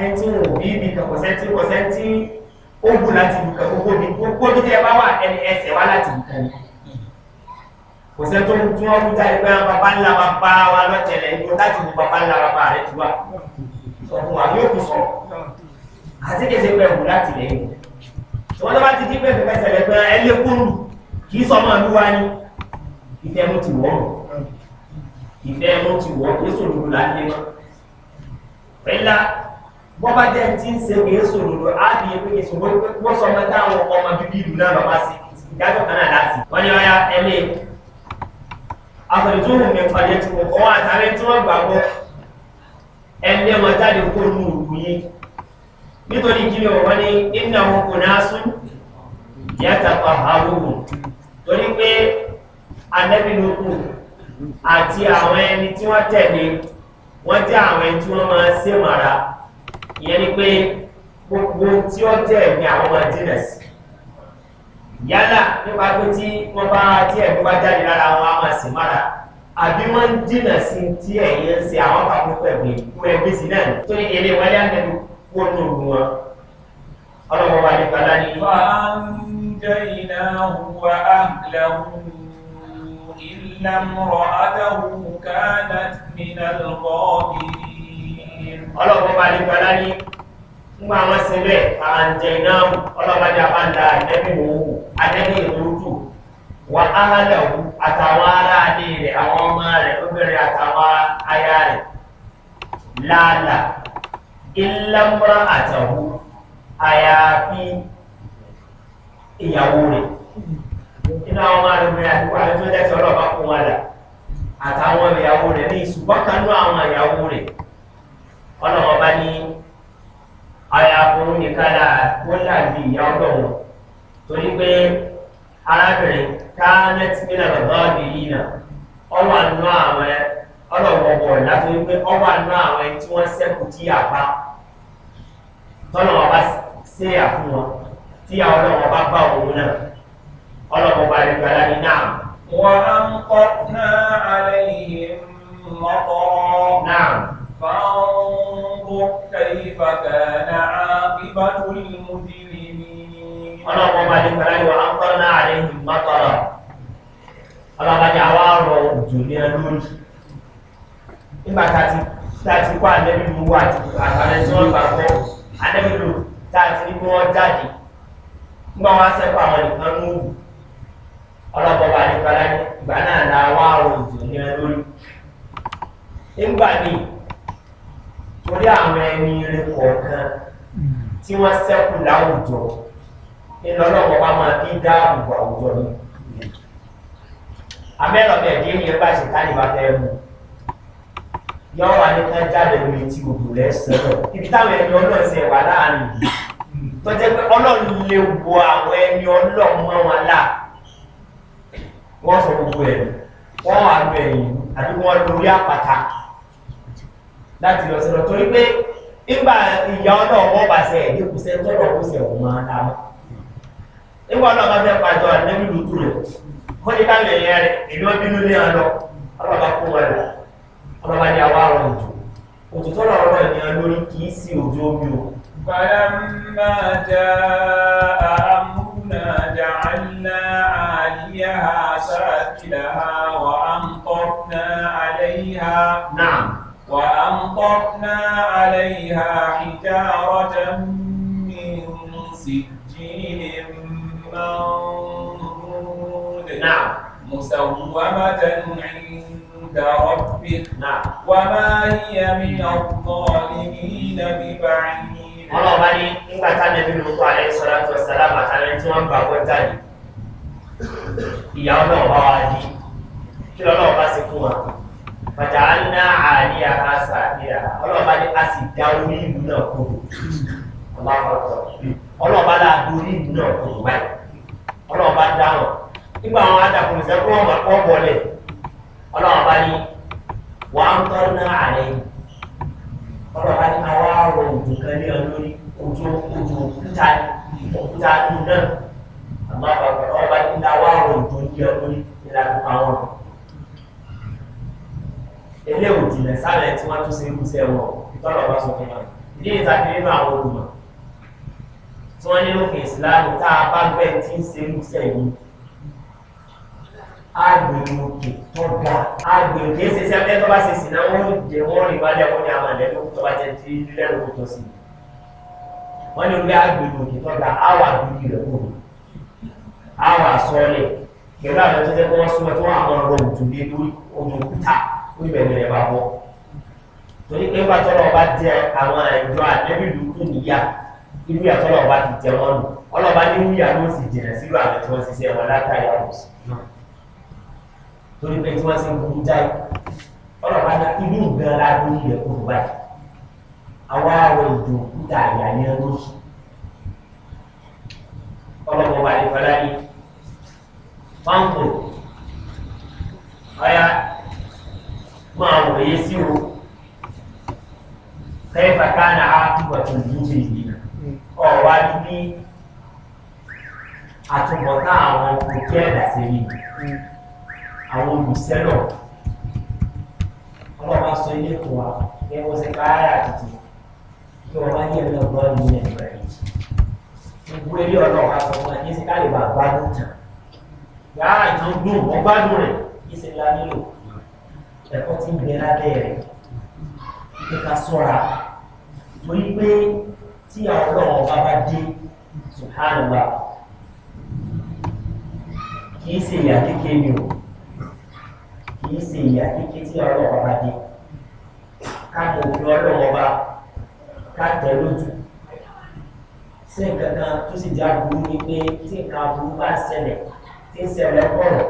ẹ tí wọn ò bí ibi kan kọ̀sẹ́ tí kọ̀sẹ́ tí ó wù láti ibi kan gbogbo ní gbogbo ní tẹ́ bá wà ẹni ẹsẹ̀ wá láti ibi kan ní kọ̀sẹ́ tó ń tún ọdún jáde pé bàbá ńlá wa bá wa lọ́tẹ̀lẹ̀ ibo láti ní bàbá ńlá wa bá rẹ ti wá sọ fún wa yóò kù sọ àti kèsè pé wù láti lẹ́yìn ìwọ́n tó bá ti dín pé fẹ́fẹ́ sẹ̀lẹ̀ ẹ lé kúrú kì í sọ ọmọ ìlú wa ní ìfẹ́ mú ti wọ́ọ̀rùn ìfẹ́ ló ti wọ̀ yéṣù lòdò láàyè mọ́ pẹ̀lá wọ́n bá jẹ́ ti ń ṣe yéṣù lòdò ábí ẹgbẹ́ yéṣù wọ́n sọ pé táwọn ọmọ bíbí ìlú náà lọ́ba sí ìdájọ́ kan náà láti wọ́n ní ọya ẹ̀mí àfẹ̀túhùn mi pàdé tí wọ́n wọ́n àtàrí tí wọ́n gbàgbọ́ ẹ̀mí ọmọ jáde kó nu òkú yìí nítorí kí ni ọ̀wọ́n ní iná wọn kò náà sún yàtàkọ̀ àwòrán torí pé anẹ́bí ló kù àti àwọn ẹni tí wọ́n tẹ̀lé wọ́n jẹ́ àwọn ẹni tí wọ́n máa ṣe mara ìyẹn ni pé gbogbo tí ó jẹ́ ẹ̀mí àwọn máa dínà sí yálà nípa pé tí wọ́n bá tí ẹ̀mí wá jáde lára wọn á máa sì mara àbí wọ́n ń dínà sí tí ẹ̀yìn ń ṣe àwọn pàtó pẹ̀lú ìkún ẹbí sí náà tó ní ilé wọlé àtẹnu kó nù wọn ọlọ́mọba nípa láti. wàá ń jẹ́ ìnáwó àgbẹ̀wò إن امرأته كانت من الغابرين ọlọ́pọ̀ bá lè gbọ́lá ní fún àwọn sílẹ̀ àǹjẹ̀ iná ọlọ́pàá bá ń da àdẹ́bì òwò àdẹ́bì ìrújù wà áhàlẹ̀wò àtàwọn ará adé rẹ̀ àwọn ọmọ rẹ̀ obìnrin àtàwọn aya rẹ̀ láàlà ìlàmúra àtàwọn àyàfi ìyàwó rẹ̀ ina àwọn ọmọ àdúgbò àdúgbò àti tó dẹ́sẹ̀ ọlọ́pàá kún wọn dà àtàwọn ìyàwó rẹ̀ ní ìṣùgbọ́kanú àwọn ìyàwó rẹ̀ ọlọ́wọ́ bá ní ayàkùnrin nìkan là wọ́n làbí ìyá ọlọ́wọ́ torí pé arábìnrin bàbá yìí ọwọ́ àwọn ọlọ́wọ́ bọ̀ pé ọwọ́ àwọn tí wọ́n sẹ́kù tí àpá tọ́lọ́wọ́ bá àfún wọn tí àwọn ọlọ́wọ́ bá bá òun náà. ọlọ́run bá lè gbára ní náà. wọ́n á ń kọ́ náà alẹ́ yìí mọ́kọ́. náà. فانظر كيف كان عاقبة المجرمين. ọlọ́run bá lè gbára ní wọ́n á ń kọ́ náà alẹ́ mọ́kọ́. ọlọ́run bá àwa rọ òjò ní ẹ lórí. nígbà tá a ti kó àdébí mu wá àtàlẹ́ tí wọ́n gbà kọ́ àdébí mu tá a ti ní kí wọ́n jáde. nígbà wọn á sẹ́kọ̀ọ́ àwọn nìkan ń wù ọlọ́pọ̀ba àdìpalá ní ìgbà náà la wá àwọn ìdìbò ní lórí. nígbà míì torí àwọn ẹni eré kọ̀ọ̀kan tí wọ́n sẹ́kù láwùjọ nínú ọlọ́pọ̀ba máa fi dáàbò àwùjọ ni. àmẹ́rọ̀ bẹ̀ díẹ̀ yẹn bá ṣe káàdì bá fẹ́ mu yọ wà ní ká jáde lórí tí gbogbo rẹ̀ sọ̀rọ̀ ibi táwọn ẹni ọlọ́run ṣe wà láàrin yìí tọ́jẹ́ pé ọlọ́run lè wo àwọn ẹni ọlọ́run mọ́ wọn láà wọ́n sọ gbogbo ẹ̀ wọ́n wà lọ ẹ̀yìn àbí wọ́n lórí àpàtà láti lọ sẹ́lọ torí pé nígbà ìyá ọ̀nà wọ́n bá sẹ́ ẹ̀dí kù sẹ́ tọ́lọ̀ kù sẹ́ ọ̀hún máa dá mọ́ nígbà ọ̀nà bá fẹ́ pàjọ àdébí lùtù rẹ̀ wọ́n ti káàmì ẹ̀yẹ rẹ̀ èmi wọ́n bínú ní ọ̀nà ọlọ́ba kó wọn lọ ọlọ́ba ní àwa rọ̀ òjò òjò tọ́lọ̀ ọ̀rọ̀ ènìyàn lórí kì سعيها ساكلها وأمطرنا عليها نعم وأمطرنا عليها حجارة من سجيل منضود نعم مسومة عند ربك نعم وما هي من الظالمين ببعيد. ọlọ́ọ̀bá ní nígbà tá a nẹ́bí lóko àlẹ́ sọ́lá tó ṣàlámà ìyàwó ọba wa di kí lọ́nà ọba sì fún wa pàtà á ná àní àkásà àdíyà ọlọ́ọ̀bá ní a sì dá orí ìlú náà kúrò ọlọ́ọ̀bá ọlọ́ọ̀bá là dorí ìlú náà kúrò báyìí ọlọ́ọ̀bá dáhùn nígbà àwọn adàkùnrin kọ́ ọmọ kọ́ bọ̀lẹ̀ ọlọ́ọ̀bá ní wà á ń tọ́ ná àlẹ́ yìí ọlọ́ọ̀bá ní àwa rọ òjò kan ní ọdún ojú òjò òkúta òkúta dùn náà àmọ́ àgbàgbà wọn bá ní láwá ọ̀rọ̀ tó ń jẹ orí ìlànà àwọn ọ̀rọ̀. ilé òjìnlẹ̀ sálẹ̀ tí wọ́n tún ṣe irúṣẹ́ wọn ìtọ́lọ̀ bá sọ fún wọn ilé ìtàkì nínú àwọn olùmọ̀ tí wọ́n nínú fi ìsìláàmù tá a bá gbẹ̀ tí ń ṣe irúṣẹ́ yìí agbèrè òkè tó ga agbèrè òkè ṣe ṣe abẹ́ tó bá ṣe sìnà wọ́n jẹ wọ́n rìn wálé wọ́n ní àwọn àlẹ́ lókùn tó bá jẹ ti lẹ́nu kò tó sí wọ́n ní orí agbèrè òkè tó ga áwà gbèrè rẹ̀ kò rò àwọn àsọlẹ̀ pẹ̀lú àwọn tó jẹ́ pé wọ́n súnmọ́ tí wọ́n àwọn ọ̀rọ̀ òtún lé lórí ojú òkúta ó ibẹ̀ ni ẹ̀ bá bọ́ torí pé bá tọ́lọ̀ bá tẹ àwọn àjọ àdẹ́bìlú tó níyà irú yà tọ́lọ̀ bá ti jẹ wọn nù ọlọ́ba ní wíyà ló sì jìnà sílùú àwọn tí wọ́n ṣiṣẹ́ wọn látàrí àwọn sí náà torí pé tí wọ́n ṣe ń burú jáì ọlọ́ba ní irú gan-an ládùn ilẹ̀ báyìí àwọn àwọn ìdòkúta àyà ni ẹ lóṣù ọlọ́wọ́ wà ní fẹ́lá ní pọ́ǹpù ọ̀yá máa wòye sí o kẹfà kánà á túbọ̀ tó yíjì yìí ọ̀wá ní àtúbọ̀tá àwọn òkè ẹ̀dà sí rí àwọn olùsẹ́lọ̀ ọlọ́wọ́ sọ ilé kùwà kẹwọ́ sí káyà tuntun kí wọ́n bá yẹ̀ lọ́gbọ́n ní ẹ̀rọ ẹ̀yìn gbogbo ilé ọ̀nà àpò wọn ní sí káàlì máa gbádùn tàn yá ìtàn dùn wọn gbádùn rẹ̀ ní sí ńlá nílò ẹ̀kọ́ tí ń bẹ lábẹ́ rẹ̀ pé ká sọ́ra torí pé tí àwọn ọlọ́run ọba bá dé sùhánùwà kìí ṣe ìyà kékeré ni o kìí ṣe ìyà kékeré tí àwọn ọlọ́run ọba dé ká tó fi ọlọ́run ọba ká tẹ̀ lójú sí nǹkan kan tó sì já burú ni pé tí nǹkan burú bá ń ṣẹlẹ̀ tí ń ṣẹlẹ̀ pọ̀rọ̀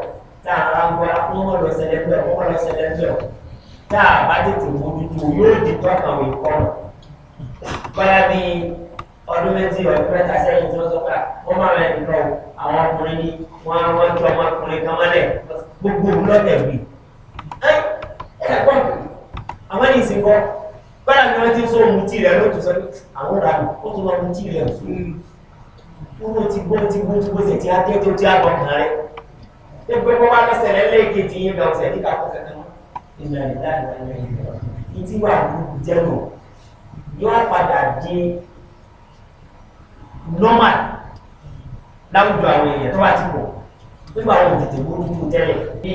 tá a bá ń wá wọ́n lọ ṣẹlẹ̀ pẹ̀ wọ́n lọ ṣẹlẹ̀ pẹ̀ tá a bá tètè mójútó yóò di tọ́kàn wí kọ́rọ̀ báyà bí ọdún méjì ọdún mẹ́ta sẹ́yìn tí wọ́n sọ pé wọ́n máa rẹ̀ nìkan àwọn ọkùnrin ni wọ́n á wọ́n jọ ọmọkùnrin kan mọ́lẹ̀ gbogbo òun lọ́tẹ̀ gbì. ẹ ẹ kọ́ àwọn ènìyàn sì kọ́ bára ni wọ́n ti sọ ohun tí rẹ̀ ló tún sọ àwọn ọ̀rọ̀ àmì ó tún lọ ohun tí rẹ̀ fún un hmm. ó ti gbó ti gbó ti gbó ṣe ti adé tó ti àgbọ̀ kan rẹ̀ ṣé pé wọ́n wá lọ́sẹ̀ rẹ̀ lẹ́ẹ̀kejì yín lọ ọ̀sẹ̀ nígbà kẹta wọn ìlànà ìlànà ìlànà ìlànà ìtí wà ní jẹ́nu yóò padà di normal láwùjọ àwọn èèyàn tó bá ti pọ̀ nígbà wọn tètè bó dúdú tẹ́lẹ̀ bí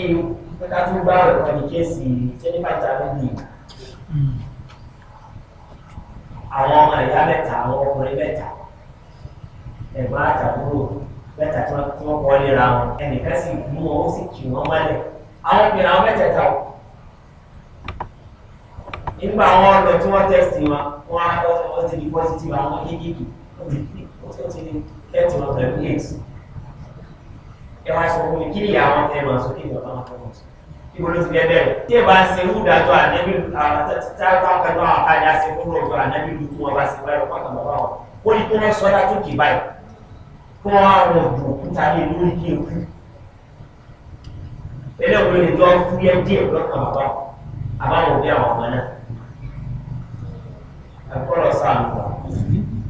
ká tún bá ọ̀rọ̀ kan ní kéèsì tẹ́lifà tàbí àwọn ọmọ ìyá mẹ́ta àwọn ọkùnrin mẹ́ta ẹ̀gbọ́n àtàkùrò mẹ́ta tí wọ́n kọ́ léra wọn ẹnìkan sì mú wọn ó sì kì wọ́n mọ́lẹ̀ àwọn obìnrin àwọn mẹ́tẹ̀ẹ̀ta o nígbà àwọn ọ̀dọ̀ tí wọ́n tẹ́sítì wọn wọ́n á lọ wọ́n ti di positive àwọn kéékèèké ó ti di kẹ́ẹ̀tì wọn pẹ̀lú aids ẹ wá sọ fún mi kí ni ìyá wọn fẹ́ máa sọ kí ni bàbá wọn fẹ́ máa sọ ìbòló ti gẹ́gẹ́ tí ẹ bá ṣe irú ìdájọ́ ànẹ́bí tákàtọ́ àkájá ṣe fún ọjọ́ ànẹ́bí lu tí wọ́n bá ṣe báyọ̀ pátá bàbá wọn ó ní kí wọ́n sọ dá tókè báyìí kí wọ́n àwọn òdù òkúta lé lórí kí n kú eléwòlé ni jọ fúyẹ́ díẹ̀ lọ́kàn bàbá àbáwọn òbí àwọn ọmọ náà ẹ̀kọ́rọ̀ sáà nù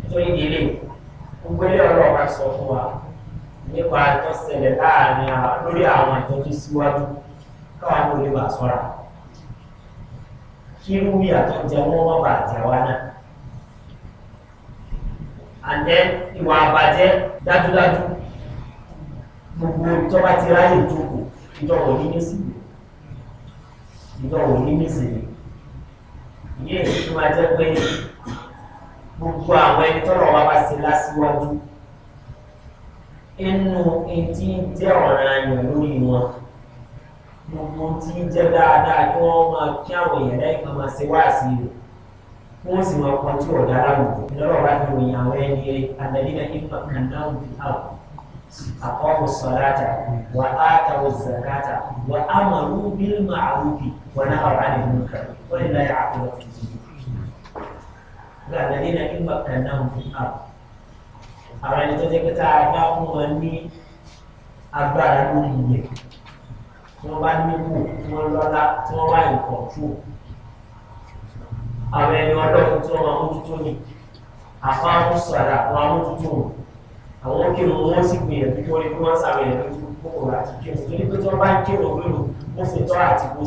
nítorí délé gbogbo ilé ọ̀rọ̀ wa sọ fún wa nípa àtọ́sẹ̀lẹ̀ láàrin lórí àwọn àjọ tó síwájú káwa ló lè bà sọ́ra kí irú yàtọ̀ jẹ wọ́n má bà jẹ wá náà àjẹ́ ìwà àbàjẹ́ dájúdájú gbogbo ìjọba ti ráyè ìjókòó ìjọba ní ní síbi ìjọba ní ní síbi ìyé ìṣú máa jẹ́ pé gbogbo àwọn ẹni tọ́rọ̀ wá bá ṣe lásìwájú inú ìdí jẹ́ ọ̀ràn àyàn lórí wọn gbogbo tí ń jẹ́ dáadáa kí wọ́n máa kí àwọn èèyàn lẹ́yìn kan máa ṣe wáàsí rẹ̀ kí wọ́n sì máa kọ́ tí ọ̀dà aláwùjọ lọ́rọ̀ bá fi ròyìn àwọn ẹni rẹ̀ àdàlínà ìfà kan náà fi hàn àkọ́kù sọ̀láta wà á tàwọn zakata wà á mà rú bílmà àrùbí wà náà wà á lè mú kà wọ́n lè láyà àkọ́kù àdàlínà ìfà kan náà fi hàn àwọn ẹni tó jẹ́ pé tá a bá fún wọn ní agbára lórí yẹn tí wọ́n bá nípò tí wọ́n lọ́lá tí wọ́n wá ìkọ̀tù àwọn ẹni ọlọ́run tí wọ́n máa ni àfa àmúṣọ̀rà àwọn amójútó àwọn kírun wọn sì gbìyànjú kí wọ́n lè fi sàmì ẹ̀rọ àti kírun torí pé tí wọ́n bá kírun lóru ó sì tọ́ àti bó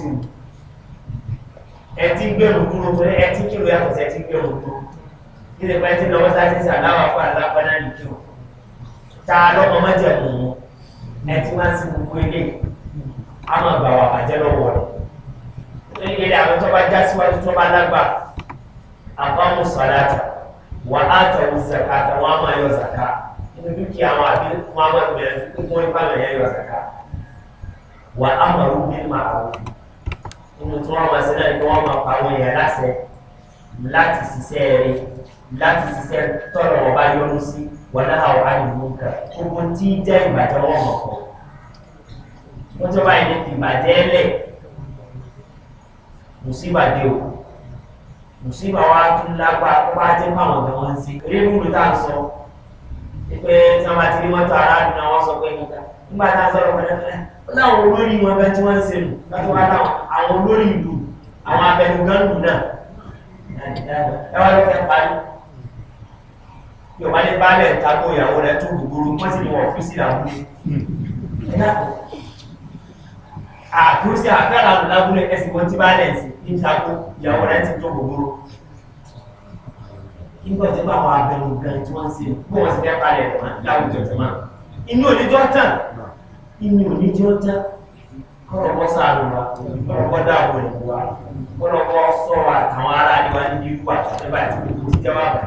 yẹ ẹtí gbẹrù kúrò tó ní ẹtí kírò yàtọ̀ sí ẹtí gbẹrù kúrò nílé pẹ́ tí lọ́wọ́ sáré sí àdáwà fún àlápá náà ní kírò tá a lọ́mọ mọ́jẹ̀ mú wọn ẹtí wá sí gbogbo ilé a máa gbà wà bàjẹ́ lọ́wọ́ rẹ̀ nílé àwọn tó bá já síwájú tó bá lágbà àbámu sọ̀láta wà á tọ̀wù zakata wọn á máa yọ zaka dúkìá wọn àbí wọn á máa gbìyànjú nínú tí wọ́n máa ṣe náà ni wọ́n máa pa àwọn èèyàn láṣẹ láti ṣiṣẹ́ rẹ láti ṣiṣẹ́ tọ́nà ọba yọnu sí wọn náà àwọn àyùmọ̀ọ́kà gbogbo tí jẹ́ ìbàjẹ́ wọn mọ̀ pọ̀ wọ́n tó báyìí ní ìbàjẹ́ lẹ̀ mùsíbà dé o mùsíbà wa tún lágbá wá jẹ́ fáwọn ọ̀dọ́ wọn sí eré múlò tá à sọ pé tí wọ́n bá ti rí mọ́tò ara nínú àwọn sọ pé níta nígbà tá a sọ̀rọ̀ pẹ̀lẹ́ láwọn olórí wọn bẹ tí wọ́n ń sẹ́nu láti wá láwọn àwọn olórí ìlú àwọn abẹnugánù náà ẹ wá lókè parí yọ̀bá ní baálẹ̀ ìtakò ìyàwó rẹ̀ tó gbogbo wọ́n sì ní wọ́n fún sí ìlàbúlé àkúrúsí àkàrà àbúlábúlé ẹsìn wọ́n ti baálẹ̀ sí ìtakò ìyàwó rẹ̀ ti tó gbogbo nígbà tí bá àwọn abẹnú gan tí wọ́n ń se bó wọ́n sì fẹ́ parẹ́ rẹ̀ wọ́n láwùjọ tí wọ́n. inú oníjọ́ tán inú oníjọ́ tán kọ́rọ̀ bọ́ sáàrù wa kọ́rọ̀ bọ́ dáàbò rẹ̀ wá kọ́rọ̀ bọ́ sọ̀rọ̀ àtàwọn ará ni wọ́n ní irú àtàwọn àti gbogbo ti jẹ́ wàhálà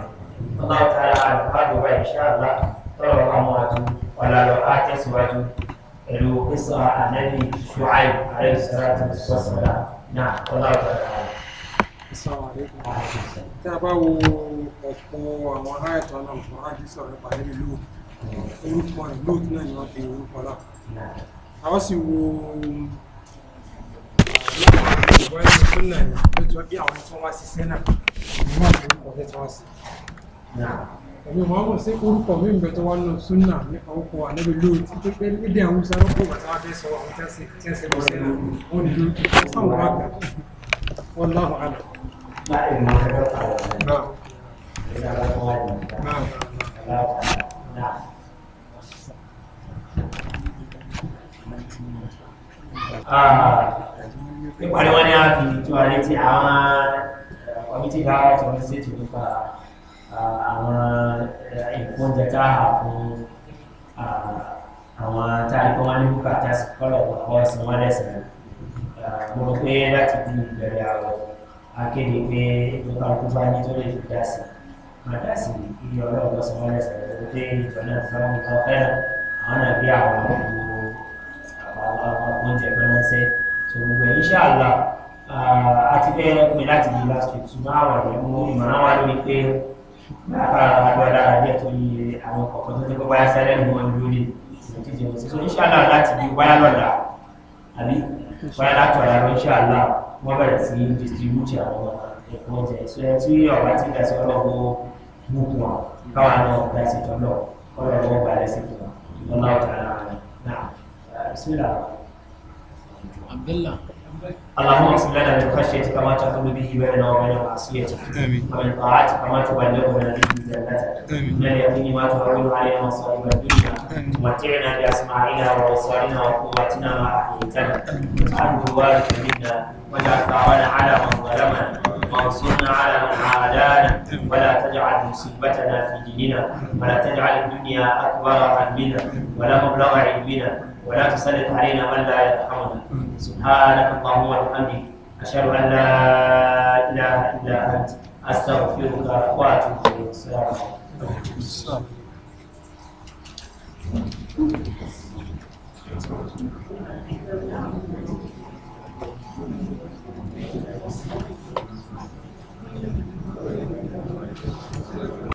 ọlọ́run tara àlùfáàdù wa ìṣáàlá tọ́lọ̀ àwọn àti ọ̀làlọ́ á tẹ̀síwájú pẹ̀lú pẹ̀sọ̀ ànẹ́bí ṣùáì àrẹ́sọ̀rọ̀ àti ṣọ́sọ̀rọ̀ náà ọlọ́run tara àlùfáàdù tí a bá wo ọ̀pọ̀ àwọn ará ẹ̀tọ́ náà fún ájí sọ̀rọ̀ nípa lẹ́nu lóòtù orúkọ rẹ̀ lóòtù náà ni wọ́n pe orúkọ náà àwọn sì wo ìwọ ẹni tó nà ní ló jọ bí àwọn tí wọ́n wá sí sẹ́nà ìwọ àti orúkọ tẹ́ tí wọ́n sí. ẹ̀mí wọn mọ̀ sí orúkọ mi ìgbẹ́ tó wá nù súnà nípa orúkọ àlẹ́bí lóòtù tó pé àwọn sáré kó bàtà wá ni lóòtù wọ́n láwọn àlọ́. ได้เองแล้วก็ตายแล้วแล้วก็ตายแล้วได้ nípa ni wọ́n ní a fi tó a létí àwọn kọ́mítì lára tó ń ṣètò nípa àwọn ìkó oúnjẹ fún ah, àwọn tá wọn ní bùkátà sí kọ́lọ̀ ọ̀pọ̀ wọn lẹ́sìn ah, mo rò pé láti bí ìbẹ̀rẹ̀ àwọn akéde pé nípa tó bá ní tó lè fi dá sí máa dá sí iye ọlọ́run lọ́sọ̀ wọn lẹ́sẹ̀ tó dé ìjọ náà ti sáwọn nǹkan fẹ́ràn àwọn náà bí àwọn àwọn oúnjẹ kan ránṣẹ́ tó gbogbo ẹ̀yìn ṣe àlà àti fẹ́ pin láti di last week ṣùgbọ́n àwọn ẹ̀yìn mú ìmọ̀ràn wá lórí pé lára agbára díẹ̀ tó yẹ àwọn kọ̀ọ̀kan tó ti kọ́ báyá sẹ́lẹ̀ ní wọn lórí ìṣèjì ìṣèjì ìṣèjì ìṣàlá láti di wáyà lọ́la àbí wáyà látọ̀la ló ń ṣàlá wọ́n bẹ̀rẹ̀ sí distribute àwọn ẹ̀kọ́ jẹ ìṣẹ́ tí ọ̀rá ti dá sí ọlọ́wọ́ gbogbo wọn káwọn náà dá sí tọ́lọ̀ ọlọ́wọ́ gba ẹ̀ sí fún wọn lọ́nà ọ̀tá náà sílà. اللهم اغفر لنا من خشيتك ما تحول به بيننا وبين معصيتك ومن طاعتك ما تبلغنا به جنتك من اليقين ما تهون علينا مصائب الدنيا ومتعنا باسماعنا وابصارنا وقوتنا ما احييتنا واجعله الوارث منا واجعل ثارنا على من ظلمنا وانصرنا على من عادانا ولا تجعل مصيبتنا في ديننا ولا تجعل الدنيا اكبر همنا ولا مبلغ علمنا ولا تسلط علينا من لا يرحمنا سبحانك اللهم وبحمدك اشهد ان لا اله الا انت استغفرك واتوب اليك السلام عليكم Thank you.